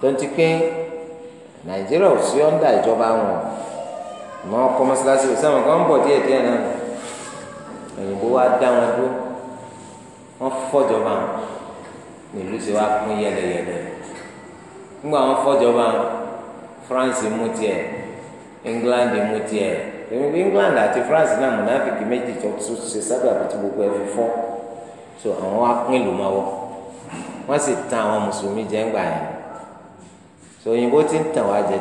tó ń ti pé nàìjíríà ò sí ọ́ndà ìjọba wọn ìmọ̀ ọkọ̀ mọ́sálásí ò sáwọn kan ń bọ̀ díẹ̀díẹ̀ náà òyìnbó wa dá wọn dúró. Wọn fọ́jọba nílùú ṣe wá pín yẹlẹyẹlẹ ńgbà wọ́n fọ́jọba France mú tiẹ̀ England mú tiẹ̀ èmi ati England àti France náà mùnáfíkì méjì tó ṣe sábà àti gbogbo fi so àwọn wá pín ìlú mọ́wọ́ wọ́n sì tan àwọn mùsùlùmí jẹ ńgbà yẹn so òyìnbó ti ń tàn wá jẹ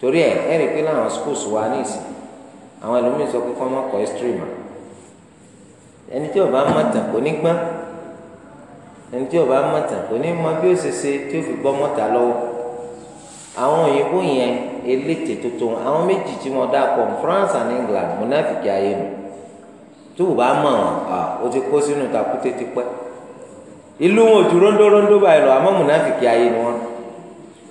torí rí i pé láwọn ẹni tí ó bá mọ̀tàn kò ní gbọ́n ẹni tí ó bá mọ̀tàn kò ní mọ bí ó ṣe ṣe tí ó fi gbọ́ mọ́ta lọ́wọ́ àwọn òyìnbó yẹn elétè tuntun àwọn méjì tí wọ́n dá pọ̀ France and England mùnáfìkì ayé nu tó o bá mọ̀ ọ́n o ti kó sínú takùté ti pẹ́ ìlú wọn ò ju rondórondó báyìí lọ àmọ́ mùnáfìkì ayé ni wọ́n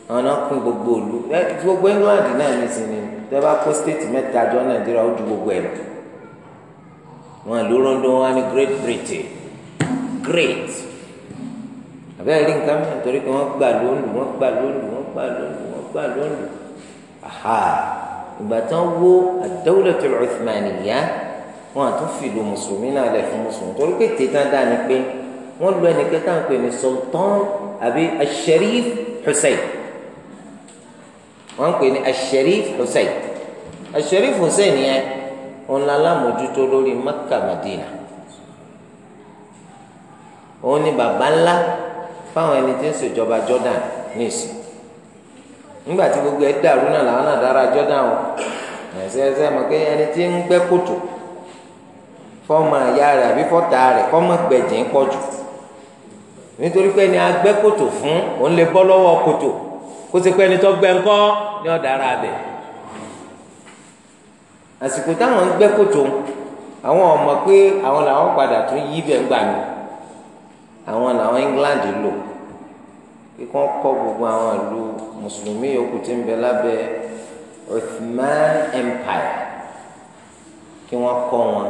àwọn náà kún gbogbo òlu gbogbo England náà ní sinmi tẹ́ bá kó stéètì mẹ́ta jọ Nàìjíríà ó gbogbo ẹ̀ lọ wọn ìlú London wà ní Great Britain great àbẹ́rẹ́ rí nǹkan mìíràn torí pé wọ́n gbà lóńdù wọ́n gbà lóńdù wọ́n gbà lóńdù wọ́n gbà lóńdù aha ìgbà tán wó ad-dawlatul Uthmaniyya wọn àtúnfìlú mùsùlùmí náà lẹ̀ fún mùsùlùmí torí pé tètè dá ni pé wọ́n lu ẹnìkan tá ń pè ní Sultan àbí al Hussein wọ́n ń pè ní al Hussein al Hussein yẹn. òun la lámòjútó lórí Mẹ́kà Mẹ́dínà òun ni baba ńlá fáwọn ẹni tí ń ṣèjọba Jordan níìsín gbogbo ẹ dàrú náà làwọn náà dára Jordan o ẹsẹ ẹsẹ pé ẹni tí ń gbẹ́ kòtò fọmọ àyà rẹ̀ àbí fọta rẹ̀ kọmọ gbẹ̀jìn pọ̀ jù nítorí pé ẹni agbẹ́ kòtò fún òun lè bọ́ lọ́wọ́ kòtò kó pé ẹni tó àsìkò táwọn ń gbẹ́ kòtò àwọn ọmọ pé àwọn làwọn padà tún yí bẹ́ẹ̀ gbà mí àwọn làwọn England lò pé kí wọ́n kọ́ gbogbo àwọn ìlú mùsùlùmí yòókù tí ń bẹ lábẹ́ Ottoman Empire kí wọ́n kọ́ wọn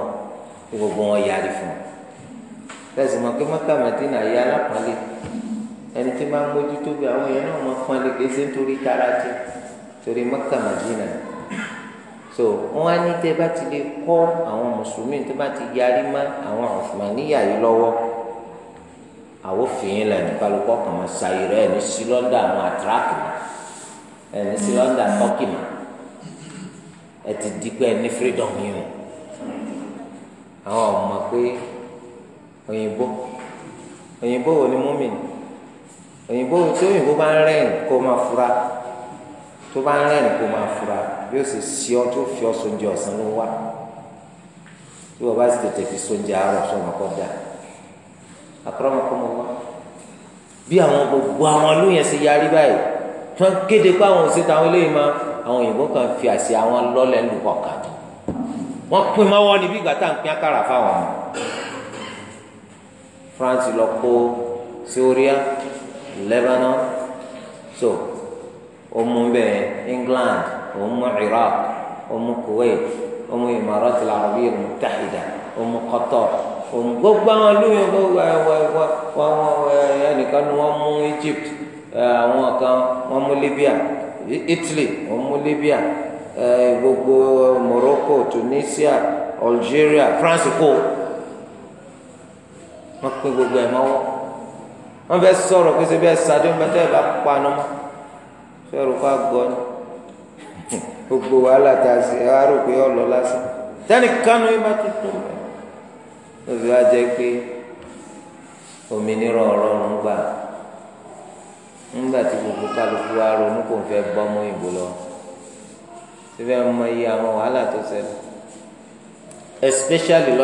kí gbogbo wọn yarí fún un tẹ̀sí mọ̀ pé Mẹ́kà Mẹ́dínà yẹ alápọ̀nlé ẹni tí máa ń mójútó bí àwọn èèyàn náà mọ̀ pọ́nlé kí ẹ ń torí dára jẹ torí Mẹ́kà Mẹ́dínà yìí so wọn á ní tẹ bá ti lè kọ àwọn mùsùlùmí tó bá ti yarí má àwọn ọ̀fùmáníyà yìí lọ́wọ́ àwọn òfin lẹ́nu kálukọ́ kàn máa ṣàyè rẹ̀ ní sílọ́ndà àwọn àtìrákì mọ́ ẹni sílọ́ndà tọ́kì mọ́ ẹ ti di pé ẹni freedom yìí o àwọn ọmọ pé òyìnbó òyìnbó wo ni múmi òyìnbó tí òyìnbó bá ń rẹ́rìn kó máa fura tó bá ń rẹ́rìn kó máa fura bí ó sì sí ọ tó fi ọ sóúnjẹ ọ̀sán ló wá bí wọ́n bá sì tètè fi sóúnjẹ àárọ̀ sọ̀rọ̀ kọ́ da àkọ́rọ́mọkọ́mọ wá bí àwọn gbogbo àwọn lóyún ẹsẹ̀ yarí báyìí tí wọ́n kéde pé àwọn òṣèlú àwọn eléyìí máa àwọn òyìnbó kan fi àṣẹ àwọn lọ́lẹ̀ ń lùkọ̀ kàn wọ́n pín mọ́wọ́ níbí ìgbà tá à ń pín àkàrà fáwọn ọmọ France lọ kó Syria Lebanon so ó mú bẹ́ẹ̀ England òun عراق، Iraq الكويت، mú Kuwait العربية المتحدة، Imarat قطر، arabiya al-Muttahida òun mú Qatar òun um, gbogbo àwọn lóyún gbogbo Egypt àwọn kan wọ́n mú Libya Italy wọ́n mú gbogbo Morocco Tunisia Algeria France kò wọ́n pé gbogbo ẹ̀ mọ́wọ́ wọ́n fẹ́ sọ̀rọ̀ pé ṣe bẹ́ẹ̀ sadé ń bẹ́tẹ́ bá pa ni mọ́ fẹ́ẹ́ rò pa gbọ́ ni. gbogbo wàhálà tá a ṣe á rò pé ọ̀lọ́ lásán tẹ́nì kánú yìí bá tuntun rẹ̀ lóṣù wa pé òmìnira ọ̀rọ̀ ń gbà ńgbà tí gbogbo kálukú kò ń ìbò lọ síbẹ̀ mọ iye àwọn wàhálà tó especially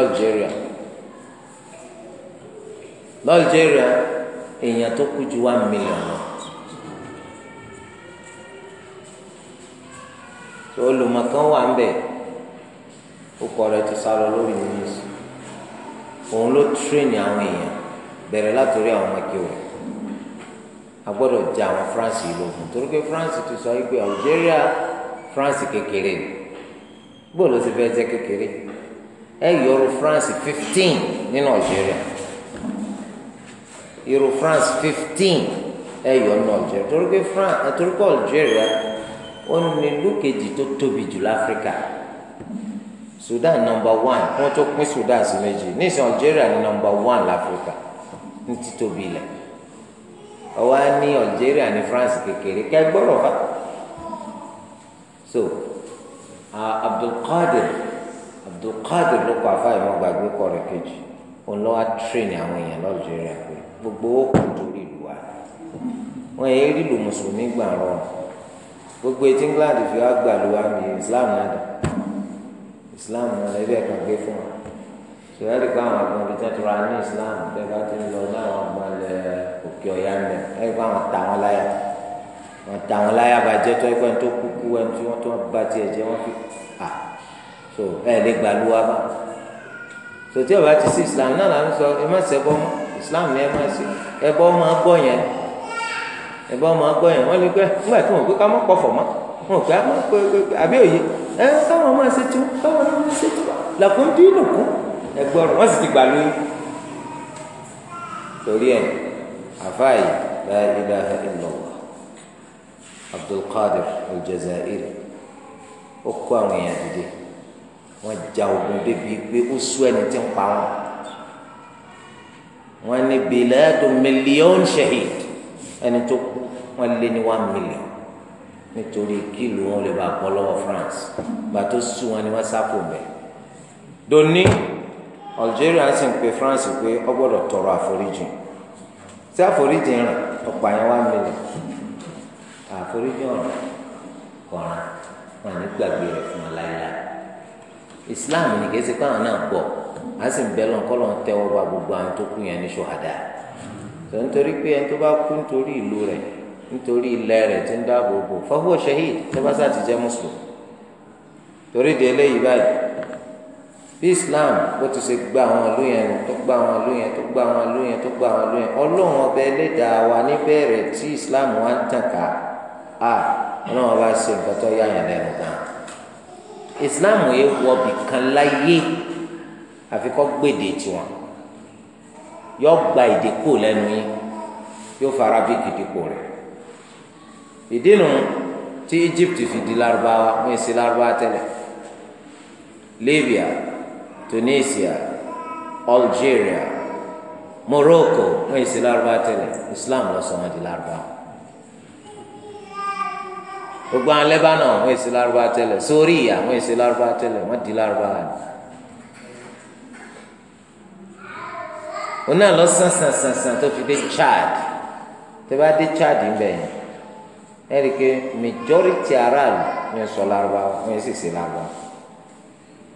èèyàn tó kú ju one million lọ. tó olùmọ̀kan wà ń bẹ̀ ó kọ rẹ ti sálọ lórí news òun ló tírèèni àwọn èèyàn bẹ̀rẹ̀ látòrí àwọn ọmọ kí o a jẹ àwọn France yìí lógun torí pé France ti sọ wípé Algeria France kékeré gbọ́dọ̀ ló ti fẹ́ jẹ́ kékeré ẹ yọrù France fifteen nínú Algeria yọrù France fifteen ẹ yọ nínú Algeria torí pé Algeria ó ní ìlú kejì tó tóbi jù láfíríkà Sudan nọ́mbà wán wọn tó pín Sudan sí méjì nísìnyí Algeria ní nọ́mbà wán láfíríkà ní títóbi ilẹ̀ ọwọ́ á ní Algeria ní France kékeré kẹgbọ́rọ̀ fa so uh, Abdulkadir Abdulkadir ló kọ afáyé wọn gbàgbé kọ rẹ kejì òun lọ́wọ́ á tírèèni àwọn èèyàn ní Algeria pé gbogbo ó kù torí ìlú wa wọn èyí rí ìlú mùsùlùmí gbà rọrùn gbogbo etí England fi wá gbà ló wá mi Islam náà dà Islam náà ẹbí ẹ̀ka gbé fún wa sọ̀rọ̀ ẹ̀rí pa àwọn àgbọn bíi tẹ́tù ní Islam bẹ́ẹ̀ bá ti ń lọ ní àwọn àgbọn ilẹ̀ òkè ọ̀yà ń bẹ̀ ẹ̀rí pa àwọn ta wọn láyà wọn ta wọn láyà bàjẹ́ tó ẹ̀kọ́ ẹni tó kúkú ẹni tí wọ́n tó bá tiẹ̀ jẹ́ wọ́n fi à so ẹ̀ lè gbà ló wá bá sọ̀tí ọ̀bá ti sí Islam náà là ń sọ ẹ má ṣẹbọ mọ́ Islam ni ẹ má ṣe ẹbọ máa bọ̀ yẹn ẹ̀bá ọmọ agbọ́ yẹn wọ́n lè gbẹ́ nígbà tí wọ́n gbé ká má pọ̀fọ̀ mọ́ wọn gbé má pé àbí òye ẹ káwọn ọmọ ẹsẹ tí káwọn ọmọ ẹsẹ tí làkún dín lòkún ẹgbọràn wọn sì ti gbà lóyún. torí ẹ àfáàyè la ilaha illallah abdulkadir aljazairi ó kó àwọn èèyàn dìde wọn ja ogun débi pé ó sú ẹni tí ń pa wọn wọn ní biladu mílíọ̀nù shahid ẹni tó kú wọn lé ní one million nítorí kílò wọn lè bá bọ́ lọ́wọ́ France gbà tó sùn wọn ni wọ́n sáfò bẹ̀. doni Algeria sì ń pe France pé ọ gbọ́dọ̀ tọrọ àforíjì tí àforíjì rìn ọ̀pọ̀ àyẹn one million àforíjì ọ̀ràn kọ̀ọ̀ràn wọn ní gbàgbé rẹ̀ fún wọn Islam ní kí ẹ ti pé àwọn náà pọ̀ á sì ń bẹ́ lọ́nkọ́ lọ́n tẹ́wọ́ bá gbogbo àwọn tó kú yẹn ní ṣòhádà tó nítorí pé ẹni tó bá kú nítorí ìlú rẹ̀ nítorí ilẹ̀ rẹ̀ ti ń dáàbò bò fahuwa shahid tẹ́básá ti jẹ́ mùsùlùmí torí di eléyìí báyìí bí Islam bó ti ṣe gba àwọn ìlú yẹn tó gba àwọn ìlú yẹn tó gba àwọn ìlú yẹn tó gba àwọn ìlú yẹn ọlọ́run ọba ẹlẹ́dàá wa níbẹ̀rẹ̀ tí Islam wa ń tàn ká a ọlọ́run ọba ṣe nǹkan tó yá yẹn lẹ́nu gan Islam yẹn wọ bìkan láyé àfikọ́ gbèdè tiwọn yọ gba ìdíkù lẹ́nu yín yóò fa arabic dípò rẹ̀ ìdínú tí Egypt fi di Lárúbáwá wọn èsì Lárúbáwá tẹ́lẹ̀ Libya Tunisia Algeria Morocco wọn èsì Lárúbáwá tẹ́lẹ̀ Islam lọ sọ wọn di Lárúbáwá gbogbo àwọn Lebanon wọn èsì Lárúbáwá tẹ́lẹ̀ Soria wọn èsì Lárúbáwá tẹ́lẹ̀ wọn di Lárúbáwá ni. òun náà lọ sàn sàn sàn sàn tó fi dé Chad tó bá dé Chad ń bẹ̀ yẹn ẹ rí i pé majority aráàlú wọn sọ Lárúbáwá wọn sì ṣe Lárúbáwá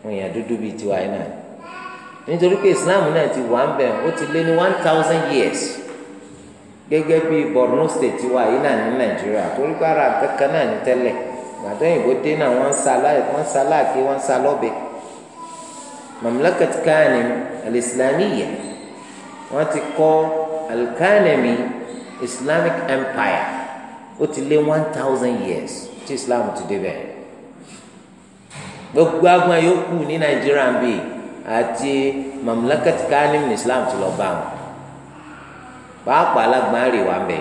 wọn yàn dúdú bíi tiwa yìí náà nítorí pé Islam náà ti wà ń ó ti lé ní one thousand years gẹ́gẹ́ bíi Borno state wa yìí náà ní Nàìjíríà torí pé ara kankan náà ní tẹ́lẹ̀ gbàtọ́yìnbó dé náà wọ́n ń sa aláì wọ́n ń sa aláàkí wọ́n ń sa lọ́bẹ̀ mamlakat Kani al-Islamiyya wọ́n ti kọ́ alkalemi islamic empire ó ti lé one thousand years tí islam ti débẹ̀ gbogbo agbọn yòókù ní nàìjíríà ń bì àti mamlakat kanim ní islam ti lọ bá wọn pàápàá alágbọn àríwá ń bẹ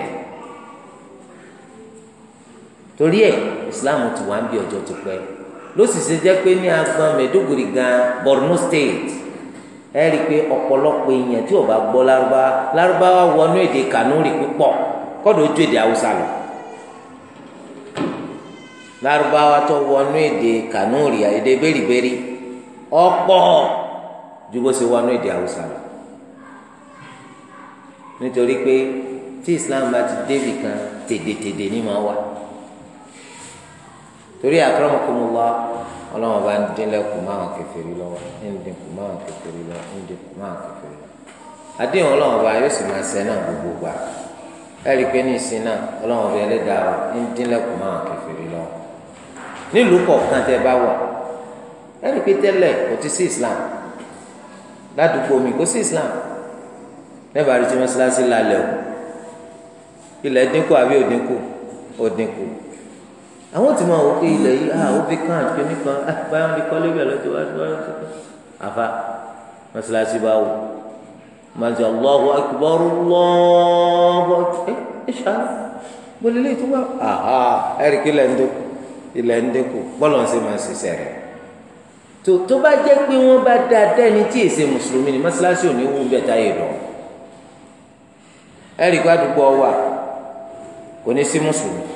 torí ẹ̀ islam ti wá ń bí ọjọ́ ti pẹ́ ló sì ṣe jẹ́ pé ní agbọn mẹdógùrì gan borno state. ẹ rí i pé ọ̀pọ̀lọpọ̀ èèyàn tí ò bá gbọ́ lárúbáwá lárúbáwá wọnú èdè kanúrì púpọ̀ kọ́dọ̀ ojú èdè haúsá lọ lárúbáwá tó wọnú èdè kanúrì èdè bẹ́rìbẹ́rì ọ̀pọ̀ ju bó ṣe wọnú èdè haúsá lọ nítorí pé tí islam bá ti débì kan tèdètèdè ní wá torí àkàrà ọmọkùnrin wa. ọlọ́wọ́n bá ń dínlẹ́kùn máa hàn kèfèrí lọ́wọ́ ń dínkù máa hàn kèfèrí lọ́wọ́ ń dínkù máa hàn kèfèrí lọ́wọ́ àdéhùn ọlọ́wọ́n bá yóò sì máa ṣẹ náà gbogbo gbà ẹ̀rí pé ní ìsìn náà ọlọ́wọ́n bá ẹlẹ́dàá wa ń dínlẹ́kùn máa hàn kèfèrí lọ́wọ́ nílùú kọ̀ọ̀kan tẹ́ bá wọ̀ ẹ̀rí pé tẹ́lẹ̀ kò ti sí Islam ládùúgbò mi kò sí Islam lẹ́bàá rí tí mọ́ṣáláṣí lálẹ́ o ilẹ̀ dínkù àbí òdínkù òdínkù àwọn tí máa wò pé ilẹ̀ yìí ah ó fi kàn kí nìkan ah, báyọ̀ ní kọ́lé bẹ̀ lọ́jọ́ wájú báyọ̀ ní kọ́lé. àfa mọ́sálásí bá wò máa ti Allahu akbar Allahu akbar eh, ẹ ṣáà bọ́lá ilé ìtura àhà ẹ̀rì kí ilẹ̀ ń dínkù ilẹ̀ ń dínkù bọ́lọ̀ ń ṣe máa ṣiṣẹ́ rẹ̀ tó tó bá jẹ́ pé wọ́n bá dáadáa ní tí èsè mùsùlùmí ni mọ́sálásí ò ní wú bẹ́ẹ̀ táyé lọ ẹ̀rì kó àdúgbò wa kò ní sí mùsùlùmí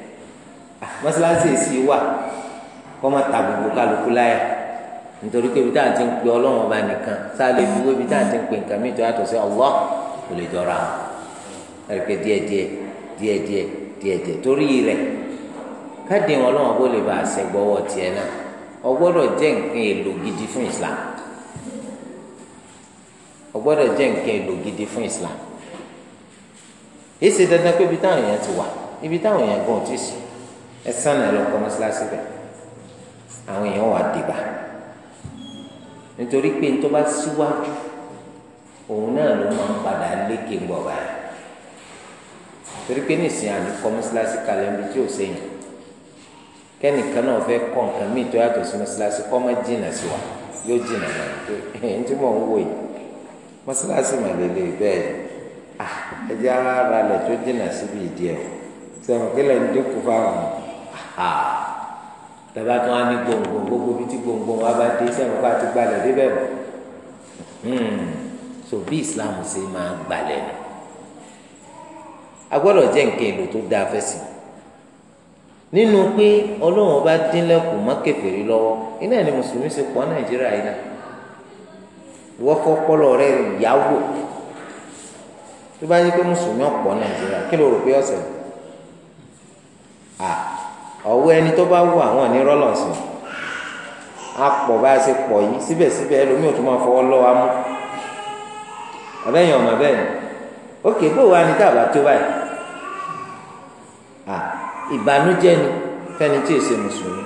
mọ́sálásí èsì wà kọ́ máa ta gbogbo kálukú láyà nítorí pé ibi tá à ti ń pe ọlọ́run ọba nìkan tá a lè ibi ti ń pe nǹkan mìíràn tó yàtọ̀ sí kò lè jọra wọn ẹ̀rí pé díẹ̀díẹ̀ díẹ̀díẹ̀ díẹ̀díẹ̀ torí rẹ̀ káàdì wọn ọlọ́run kó lè gbọ́wọ́ tiẹ̀ náà gidi fún Islam ọgbọ́dọ̀ jẹ́ nǹkan èlò ti wà ibi táwọn èèyàn gan ẹ sànà ẹ lọ kọ́ mọ́sálásí bẹ̀ àwọn èèyàn wà dìbà nítorí pé nítorí bá síwájú òun náà ló máa ń padà léke ń bọ̀ báyìí torí pé nìsín àní kọ́ mọ́sálásí kalẹ̀ níbi tí ò sẹ́yìn kẹ́nìkan náà fẹ́ kọ́ nǹkan míì tó yàtọ̀ sí mọ́sálásí kọ́ má jìnnà sí wa yóò jìnnà náà pé ẹ̀yìn tí mò ń wò yìí mà ara ah, rà tó síbi ìdí kí dínkù fáwọn. tàbá tó wá ní gbòǹgbò gbogbo bíi ti gbòǹgbò wa bá dé sẹ́wọ̀n bá ti gbalẹ̀ débẹ̀ mọ́ hmm. so bí islam ṣe máa gbalẹ̀ nù a gbọ́dọ̀ jẹ́ nǹkan èlò tó dáa fẹ́sìn nínú pé ọlọ́run ọba dínlẹ́kùn mọ́ kèfèrí lọ́wọ́ iná ni mùsùlùmí ṣe pọ̀ nàìjíríà yìí náà ìwọ́ fọ́pọ́lọ́ rẹ̀ yáwó tó bá yẹ pé mùsùlùmí ọ̀pọ̀ nàìjíríà kí ló rò pé ọ̀sẹ̀ à ọwụwa ẹni tó bá wù àwọn ní rọ́lọ̀sìn apọ̀ bá a ṣe pọ̀ yìí síbẹ̀síbẹ̀ ẹlòmíì ò tún máa fọwọ́ lọ́wọ́ amú abẹ́yìn bẹ́ẹ̀ ni ókè wa ni táàbà tó báyìí à ìbànújẹ́ ni fẹ́ni tí èsè mùsùlùmí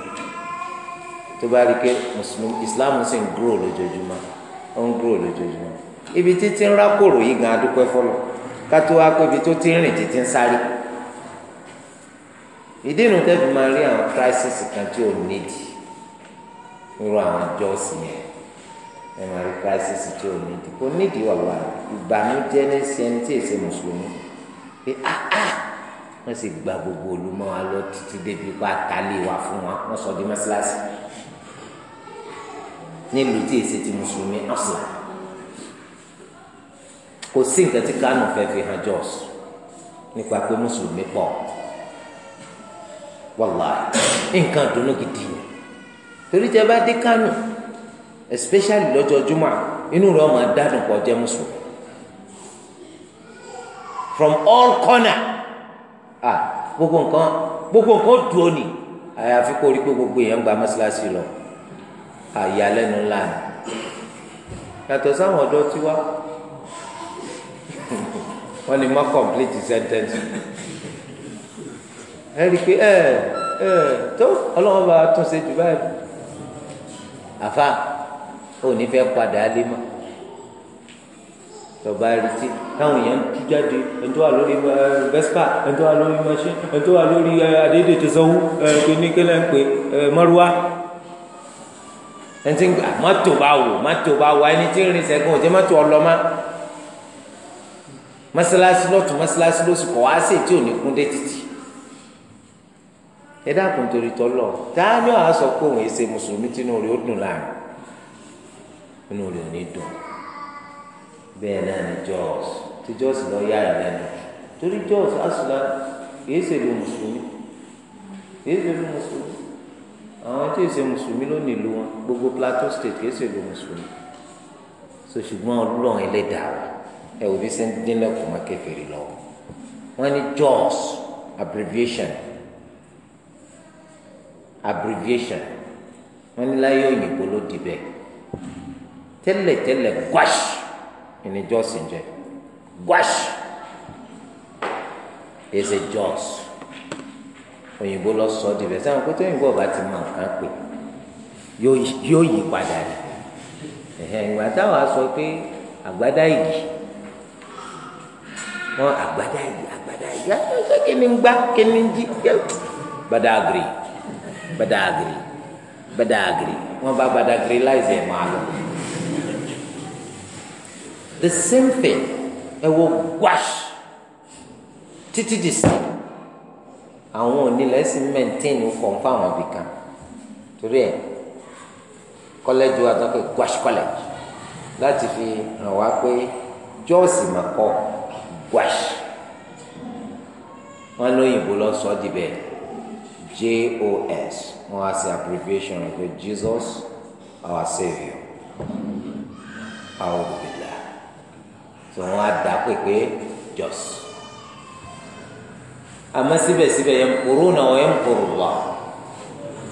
tó bá rí i pé mùsùlùmí ìsìláàmù sì ń ibi títí ń rákòrò yìí gan adúpẹ́ ibi tó ti títí ń ìdí inú tẹ́bi máa rí àwọn crisis kan tí ò nídìí irú àwọn jọ́ọ̀sì yẹn ẹ máa rí crisis tí ò nídìí kò nídìí wà wà ìbànújẹ́ ní sẹ́ni tí èsè mùsùlùmí pé áá ah, ah! wọ́n sì gba gbogbo olùmọ́ wa lọ títí débi pa àtàlẹ́ wa fún wa wọ́n sọ di mọ́sálásí nílùú tí èsè ti mùsùlùmí ọ̀sùn kò sí nǹkan tí kánò fẹ́ fi hàn jọ́ọ̀sì nípa pé mùsùlùmí pọ̀ wàláì nǹkan dùnú gidi ni torí tẹ bá dé kánò especially lọ́jọ́júmọ́ inú rẹ̀ ọmọ adádùn pọ̀ jẹ́ mùsùlùmí from all corner ah gbogbo nǹkan gbogbo nǹkan dùn ó nì àyàfi kó rí pé gbogbo èèyàn gba mọ́ṣáláṣí lọ àyàlẹ́nu ńlá ni yàtọ̀ sáwọn ọ̀dọ́ tiwa wọ́n lè má complete sentence ẹ rí i pé ẹ ẹ tó ọlọ́run bá tún ṣe jù báyìí àfa ò ní fẹ́ padà á lé mọ́ tọba arìtì táwọn èèyàn tú jáde ẹjọ́ wà lórí vespa ẹjọ́ wà lórí machine ẹjọ́ wà lórí adédè tó sanwó kíníkílẹ̀ ń pè mọ́rúwá ẹni tí ń gbà mọ́tò bá wò mọ́tò bá wò ẹni tí ń rin sẹ́gun ọ̀jẹ́ mọ́tò ọlọ́mọ mọ́sálásí lọ́tún mọ́sálásí lọ́sùn kọ̀ wá sí ètí òní kún títì ẹ dákun torí tọlọ táwọn àwọn sọ pé òun èsè mùsùlùmí tínú rẹ̀ ó dùn láàrin inú rẹ̀ ò ní dùn bẹ́ẹ̀ náà ni jọs tí jọs lọ yá ẹ lẹ́nu torí jọs asùlá kìí ṣe lu mùsùlùmí kìí ṣe lu mùsùlùmí àwọn tí èsè mùsùlùmí ló nílùú wọn gbogbo plateau state kìí ṣe lu mùsùlùmí so ṣùgbọ́n Ọlọ́run Ẹlẹ́dàá ẹ wò bí sẹ ń dín lẹkùn wọn ni jọs abbreviation abbreviation wọn ní láyé òyìnbó ló di bẹ́ẹ̀ tẹ́lẹ̀tẹ́lẹ̀ gwash ìní jọ́sìn jẹ gwash èsè jọ́s òyìnbó lọ sọ di bẹ́ẹ̀ sáwọn pété òyìnbó ọba ti mọ nǹkan pè yóò yí padà rẹ ìgbà táwọn sọ pé àgbádá yìí wọn àgbádá yìí àgbádá yìí kí ni ń gbá kí ń jí gbàdágrì badagiri badagiri wọn bá badagiri láìsí ẹ the same thing ẹ wọ gwash títí di sí àwọn onílẹ̀ sì maintain form fáwọn abìkan torí ẹ kọ́lẹ́jì wa tó ń pè gwash college láti fi hàn wá pé jọ́ọ̀sì mà kọ́ gwash wọn lóyìnbó lọ sọ ọ́ di bẹ́ẹ̀. J JOS wọn á ṣe abbreviation rẹ̀ pé Jesus our saviour our bìlà tí wọn á dà pé pé jos àmọ́ síbẹ̀síbẹ̀ yẹn kúrú náà wọ́n yẹn kúrú lọ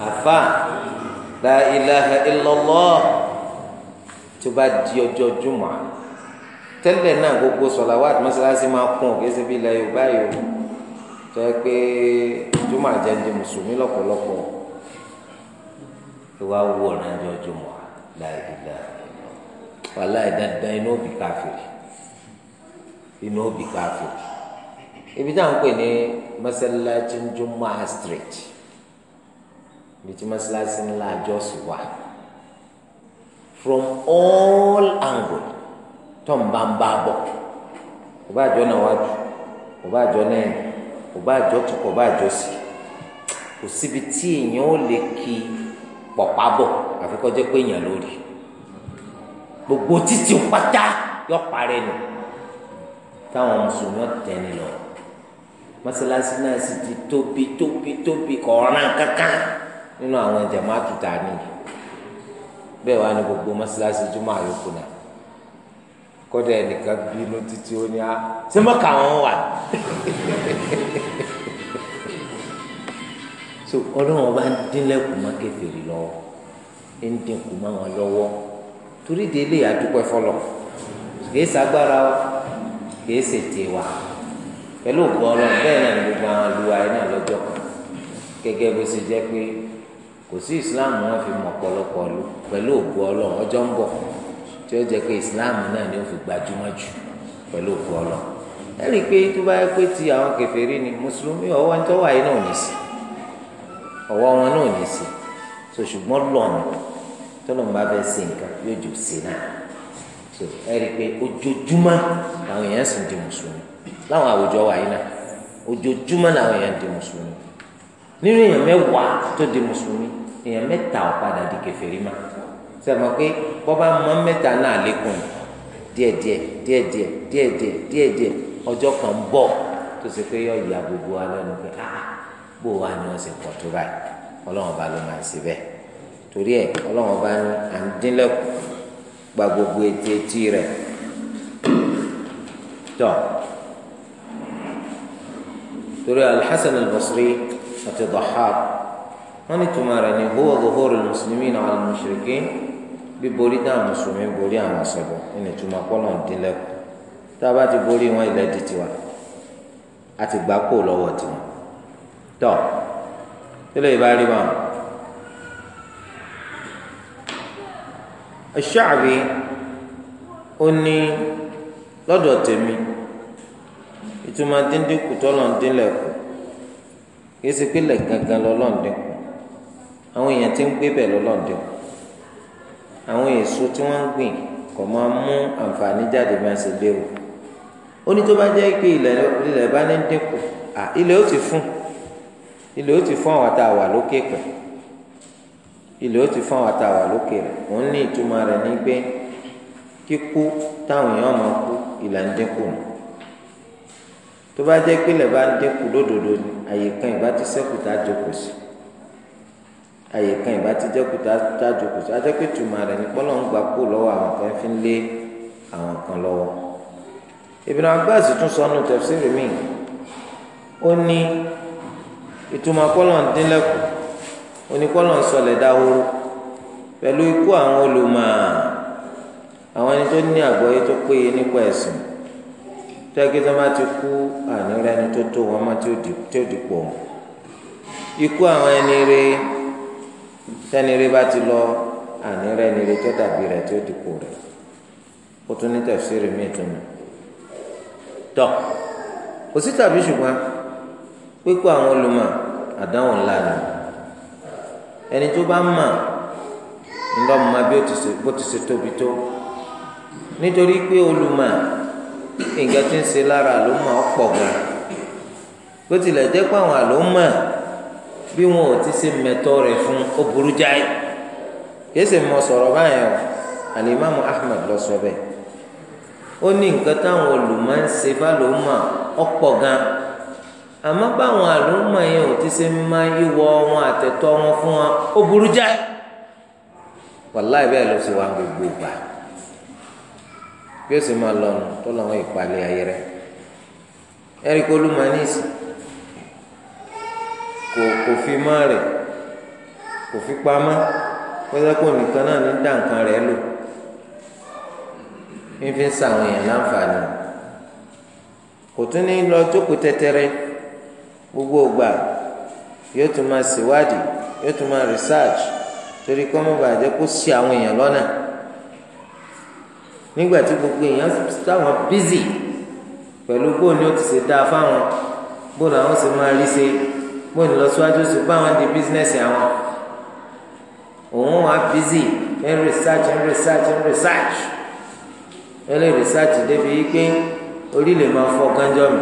àfa la ilaha illallah tó bá di ọjọ́ jùmọ̀ tẹ́lẹ̀ náà gbogbo sọ̀làwà àti mọ́sálásí máa kún òkè síbi ilẹ̀ yorùbá yòó tó yẹ pé jùmọ̀ àjẹjẹ mùsùlùmí lọ́pọ̀lọpọ̀ ìwà wo ọ̀ràn ẹjọ́ jùmọ̀ láìdílà wàhálà ìdandan inú òbí káfíìrì inú òbí káfíìrì ibi táwọn pè ní mọ́sálásí jùmọ̀ street ibi tí mọ́sálásí ńlá àjọsùn wà from all angle, tó ń bá ń bá bọ̀ kò bá àjọ náà wájú kò àjọ náà yẹn kò bá àjọ tó kò bá àjọ sí kò síbi tí èèyàn ó lè kí pọ̀pá bọ̀ àfi kó jẹ́ pé èèyàn lórí gbogbo títí pátá yọ parẹ́ nù táwọn mùsùlùmí ọ̀tẹ̀ni lọ mọ́sálásí náà sì ti tóbi tóbi tóbi kọ̀ọ̀ràn kankan nínú àwọn jàmáà tuntun àná bẹ́ẹ̀ wá ní gbogbo mọ́sálásí jùmọ̀ àyókù náà. kọ́dà ẹnìkan bínú títí ó ní á ṣé mọ́kà wọn wà. so ọlọ́run ọba ń dínlẹ̀kùn má kẹfìrì lọ́wọ́ ń dínkù má wọn lọ́wọ́ torí délé àdúpẹ́ fọlọ́ kìí ṣàgbára kìí pẹ̀lú ògbọ́n bẹ́ẹ̀ náà ní gbogbo àwọn àlùwà náà lọ́jọ́ kan gẹ́gẹ́ bó ṣe jẹ́ pé kò sí wọn fi mọ̀ lu pẹ̀lú ọlọ́run ọjọ́ ń bọ̀ tí ó jẹ́ pé islam náà ni ó fi gbajúmọ̀ jù pẹ̀lú òkú ọlọ ẹ rí i pé tó bá yẹ pé ti àwọn kèfèrí ni mùsùlùmí ọwọ́ ní tọ́wọ́ ayé náà ní sí ọwọ́ wọn náà ní sí so ṣùgbọ́n lọ́nà tọ́lọ́mù bá fẹ́ ṣe nǹkan yóò jù sí náà so ẹ rí i pé ojoojúmọ́ làwọn èèyàn sì ń di mùsùlùmí láwọn àwùjọ wa yìí náà ojoojúmọ́ làwọn èèyàn ń di mùsùlùmí nínú èèyàn mẹ́wàá tó di mùsùlùmí èèyàn mẹ́ta ò di kèfèrí máa sẹ́mi pé bọ́ba mọ́ mẹ́ta náà lékún díẹ̀díẹ̀ díẹ̀díẹ̀ díẹ̀díẹ̀ díẹ̀díẹ̀ ọjọ́ kan bọ̀ tó ṣe pé yọ ìyá gbogbo wa lẹ́nu pé ah bó wa ni wọ́n ṣe pọ̀ tó báyìí ọlọ́run bá ló máa ṣe bẹ́ẹ̀ torí ẹ̀ ọlọ́run bá ní à ń dínlẹ̀kùn gba gbogbo etí etí rẹ̀ tọ́ torí alḥasan al-basri àti dhahab wọ́n ní tùmọ̀ rẹ̀ ní huwa dhuhur al-muslimin bíborí táwọn mùsùlùmí borí àwọn ọ̀sẹ̀bọ̀ nínú ìtumọ̀ pọ́lọ̀ ń dín lẹ́kù tá a bá ti borí wọn ilẹ̀ di tiwa a ti gbà kó lọ́wọ́ tiwọn tọ́ tílé ìbá rí wọn. Ash-Sha'bi ó ní lọ́dọ̀ tèmi ìtumọ̀ díndínkù tọ́lọ̀ ń dín lẹ́kù kí pínlẹ̀ gangan lọ́lọ́ọ̀dẹ́kù àwọn èèyàn ti ń gbé bẹ̀ lọ́lọ́ọ̀dẹ́kù àwọn èso tí wọ́n ń gbìn kò máa mú àǹfààní jáde máa ṣe léwu ó ní tó bá jẹ́ pé ilẹ̀ bá ní dínkù ilẹ̀ ó ti fún ilẹ̀ ó ti fún àwọn tá a wà lókè pẹ̀ ilẹ̀ ó ti fún àwọn tá a wà lókè rẹ̀ òun ní ìtumọ̀ rẹ̀ ní pé kíkú táwọn èèyàn máa kú ilẹ̀ ń dínkù nù tó bá jẹ́ pé ilẹ̀ bá ń dínkù lódodo ni àyè kan ìbá ti sẹ́kù tá a jókòó sí i àyè kan ìbá ti jẹ́ kúta tájú kùtù ajẹ́ pé tùmọ̀ rẹ̀ ní pọ́lọ́ ń gbà kú lọ́wọ́ àwọn kan fi ń lé àwọn kan lọ́wọ́ Ibn Abbas tún sọnù tafsiri mi ó ní ìtumọ̀ pọ́lọ́ ń dínlẹ́kù ó ní pọ́lọ́ ń sọlẹ̀ dáhóró pẹ̀lú ikú àwọn olùmọ̀ àwọn ẹni tó ní àgbọ́yé tó péye nípa ẹ̀sìn tẹ́gí tó bá ti kú ànírẹ́ni tó tó wọn má tí ó dìpọ̀ ikú àwọn ẹni rèé tẹ́nire bá ti lọ àní rẹ̀ nire tó dàbí rẹ̀ tó dìpò rẹ̀ ó tún ní tẹ̀síìrì míì tún nù tọ́ kò sí tàbí ṣùgbọ́n pípọ̀ àwọn olùmọ̀ àdáhùn ńlá ni ẹni tó bá mọ̀ ńlọ mọ bí ó ti ṣe tóbi tó nítorí pé olùmọ̀ nǹkan ti ń ṣe lára àlómọ̀ ọ̀pọ̀ gan bó tilẹ̀ jẹ́ pé àwọn àlómọ̀ bí wọn ò ti ṣe mẹtọ rẹ fún ó burú jáì kìsì mọ sọ̀rọ̀ báyẹn o alimami ahmed lọ sọ bẹ́ẹ̀ ó ní nǹkan táwọn olùmọ̀ ń ṣe fálòmọ ọ̀pọ̀ gan àmọ́ báwọn àlòmọ̀ yẹn ò ti ṣe má ìwọ wọn àtẹ̀tọ́ wọn fún wọn ó burú jáì wàláì bẹ́ẹ̀ ló ṣe wá gbogbo ìgbà bí ó lọnà tó lọ́wọ́ ìpalẹ̀ ayẹrẹ ẹ̀rí ló máa ní ìsìn. kò kò fi má rẹ̀ kò fi pamọ́ pẹ́sẹ́pọ̀ nìkan náà ní dànkan rẹ̀ lò fífi ń sàwọn èèyàn láǹfààní kò tún ní lọ jókòó tẹ́tẹ́rẹ́ gbogbo ògbà yóò tún máa ṣèwádìí yóò tún máa research torí kọ́ mọ́ bàjẹ́ kó àwọn èèyàn lọ́nà nígbà tí gbogbo èèyàn bízì pẹ̀lú bóun ni ó ti ṣe dáa fáwọn bóun sì bó ní lọ síwájú sí pé di bísínẹ́sì àwọn òun wà bízì ń research ń research ń research ẹlẹ́ research débi yìí pé orí lè máa fọ gánjọ́ mi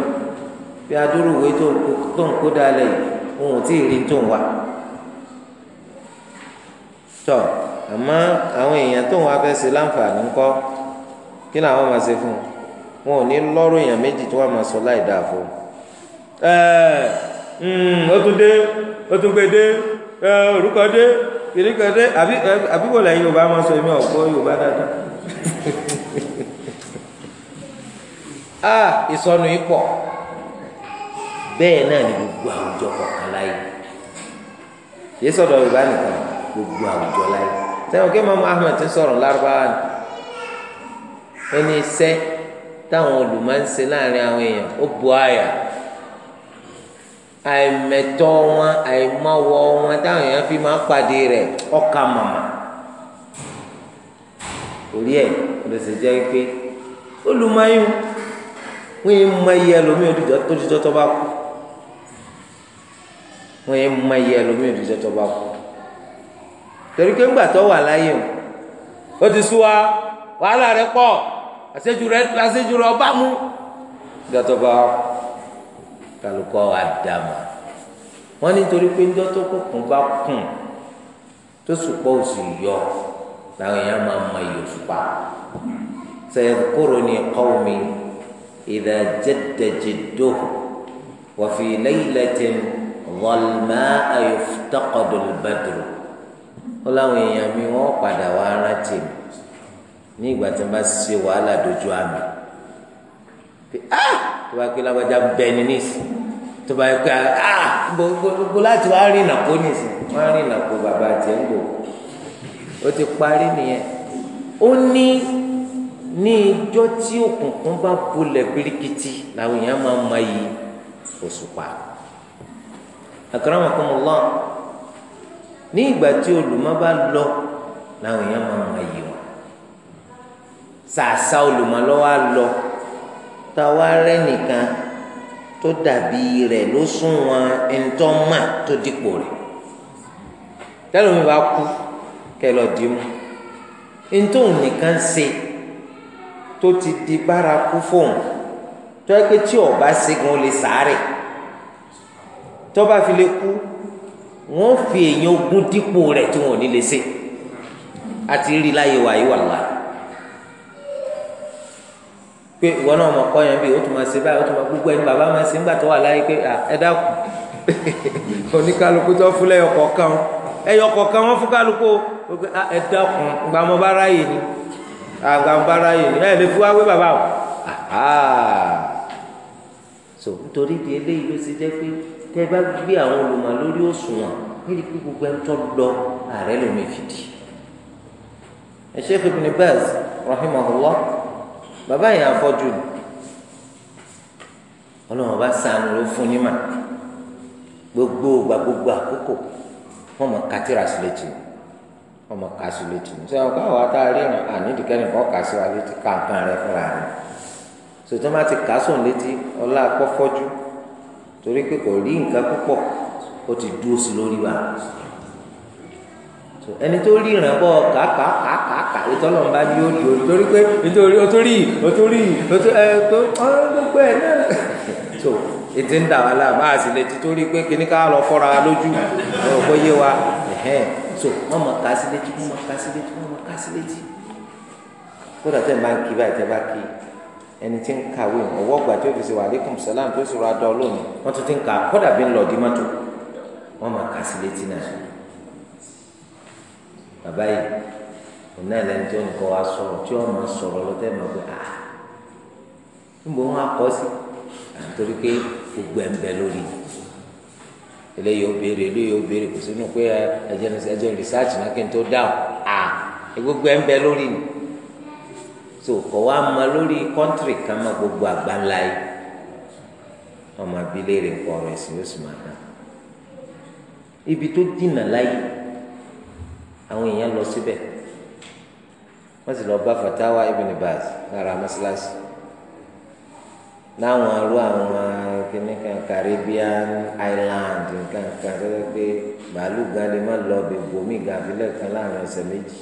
bí adúrúwé tó ń kó dalẹ̀ ohun tí ì rí tó ń wà tọ àmọ́ àwọn èèyàn tó ń wá fẹ́ ṣe láǹfààní ńkọ́ kí làwọn máa ṣe fún un wọn ò ní lọ́rọ̀ èèyàn méjì tó wà máa sọ láì dáa fún un. Hmm, ó tún dé ó tún gbé dé orúkọ dé kìríkọ dé àbíwò lẹ́yìn yorùbá máa sọ èmi ọ̀pọ̀ yorùbá dáadáa a ah, ìsọnù yìí pọ̀ bẹ́ẹ̀ náà ni gbogbo àwùjọ kọ̀ọ̀kan láyé yìí sọ̀dọ̀ yorùbá nìkan gbogbo àwùjọ láyé sẹ́wọ̀n kí mamu ahmed ti sọ̀rọ̀ lárúbáwá ni ó ní iṣẹ́ táwọn olùmọ̀ ń ṣe láàrin àwọn èèyàn ó bu àyà àìmẹtọ wọn àìmọwọ wọn táwọn èèyàn fi máa pàdé rẹ̀ ọkà màmá orí ẹ ló sì jẹ pé olùmọyún wọn yìí mọ iye ẹlòmíì òdìjọ tó dìjọ tó bá kú wọn yìí mọ iye ẹlòmíì òdìjọ tó bá kú torí pé ńgbà tó wà láyé o ó ti sú wa wàhálà rẹ̀ pọ̀ àṣejù rẹ̀ àṣejù rẹ̀ ọba mú ìgbà tó bá kú kálukọ́ àdàmà wọ́n nítorí pé ńjọ́ tó kùnkùn bá kùn tó sùpọ̀ òsì yọ làwọn èèyàn máa mọ iye òṣùpá sayadhkuruni qawmi idha jadda jidduhu wa fi laylatin zalma'a yuftaqadu al-badru èèyàn mi wọ́n padà wá rántí mi ní ìgbà tí wọ́n bá ṣe wàhálà dojú àmì ah! tó bá yẹ pé lágbájá bẹ ni nísì tó bá yẹ pé ah gbogbo láti wá rí ìnàkó nísì wá rí ìnàkó bàbá tiẹ̀ ń bò ó ti parí nìyẹn ó ní ní ijọ́ tí òkùnkùn bá bolẹ̀ birikiti làwọn èèyàn máa ma yí òṣùpá akramakumullah ní ìgbà tí olùmọ̀ bá lọ làwọn èèyàn máa ma yí wọn sàṣà olùmọ̀ lọ́wọ́ á lọ táwa rẹ nìkan tó dàbí rẹ̀ ló sunwọ̀n ntọ́mà tó dípò rẹ̀ tẹ́lẹ̀ mi bá kú kẹlọ̀ dì mú ntòun nìkan ṣe tó ti di bárakú fóun tó yẹ pé tí ọba ṣẹ́gun lè sàárẹ̀ tọ́ba fi lè kú wọ́n fi èèyàn ogún dípò rẹ̀ tí wọ́n ò ní lè ṣe àti rí láyé wàyí wàlá pé ìwọ náà mọ̀ kọ́ yẹn bí o tún máa ṣe báyìí o tún máa gbogbo ẹni bàbá máa ṣe ń gbà tó wà láyé pé ẹ dákun oníkálukú tó fún lẹ́yọ kọ̀ọ̀kan ẹyọ kọ̀ọ̀kan wọ́n fún kálukú ẹ dákun gba mo bá ráyè ni gba mo bá ráyè ni ẹ lè fún wa wé bàbá o so nítorí di eléyìí ló ṣe jẹ́ pé tẹ́ bá gbé àwọn olùmọ̀ lórí òṣùwọ̀n níbi pé gbogbo ẹni tó lọ ààrẹ lòmìnir fìdí ẹ ṣe fipin bàbá yẹn afọ́jú ni ọlọ́run bá sànù ló fún ní mà gbogbo gba gbogbo àkókò wọn mọ katira sí létí ni wọn mọ ká sí létí ni sọ káwọn ata ríran ànídìkẹ́ni kọ́ ká sí wa létí kankan rẹ fúnra rẹ sọtẹ́ má ti ká sùn létí ọlá kọ́fọ́jú torí pé kò rí nǹkan púpọ̀ ó ti dúró sí lórí wa ẹni tó ríran bọ́ kàkàkàkà àkàwé tọ́lọ̀ ń bá ní yóò dùn torí pé nítorí otórí otórí ẹ tó ọ̀rọ̀ gbogbo ẹ̀ náà so ètí ń dà wá láà máa sì lè ti torí pé kíní ká lọ fọ́ra lójú ọ̀pọ̀ yé wa so wọ́n mọ̀ ká sí létí wọ́n mọ̀ ká sí létí wọ́n mọ̀ ká sí létí kódà tẹ̀ máa ń kí báyìí tẹ̀ bá kí ẹni tí ń kàwé ọwọ́ ọgbà tí ó fi ṣe wà aleykum salam tó sì rọ adọ́ lónìí wọ́n tún ti ń kà kódà bí ń lọ di mọ́tò wọ́n mọ̀ ká sí létí náà bàbá yìí òun náà tí ó nìkan wá sọ̀rọ̀ tí ó sọrọ sọ̀rọ̀ lọtẹ ma a níbo wọn akọ sí àtòrí pé gbogbo ẹ ń bẹ lórí eléyìí ó béèrè eléyìí ó béèrè kò sínú pé ẹjẹ ẹjẹ rìsáàtì náà kí n tó gbogbo ni so wa ma gbogbo rẹ ibi tó àwọn èèyàn lọ síbẹ̀. wọ́n sì lọ bá fatawa ibn Baz lára mọ́sálásí láwọn arú àwọn kìnnìkan Caribbean island nǹkan kan tó yẹ pé bàálù gan lè má lọ bẹ bòmí gan àfilẹ̀ kan láàrin ọ̀sẹ̀ méjì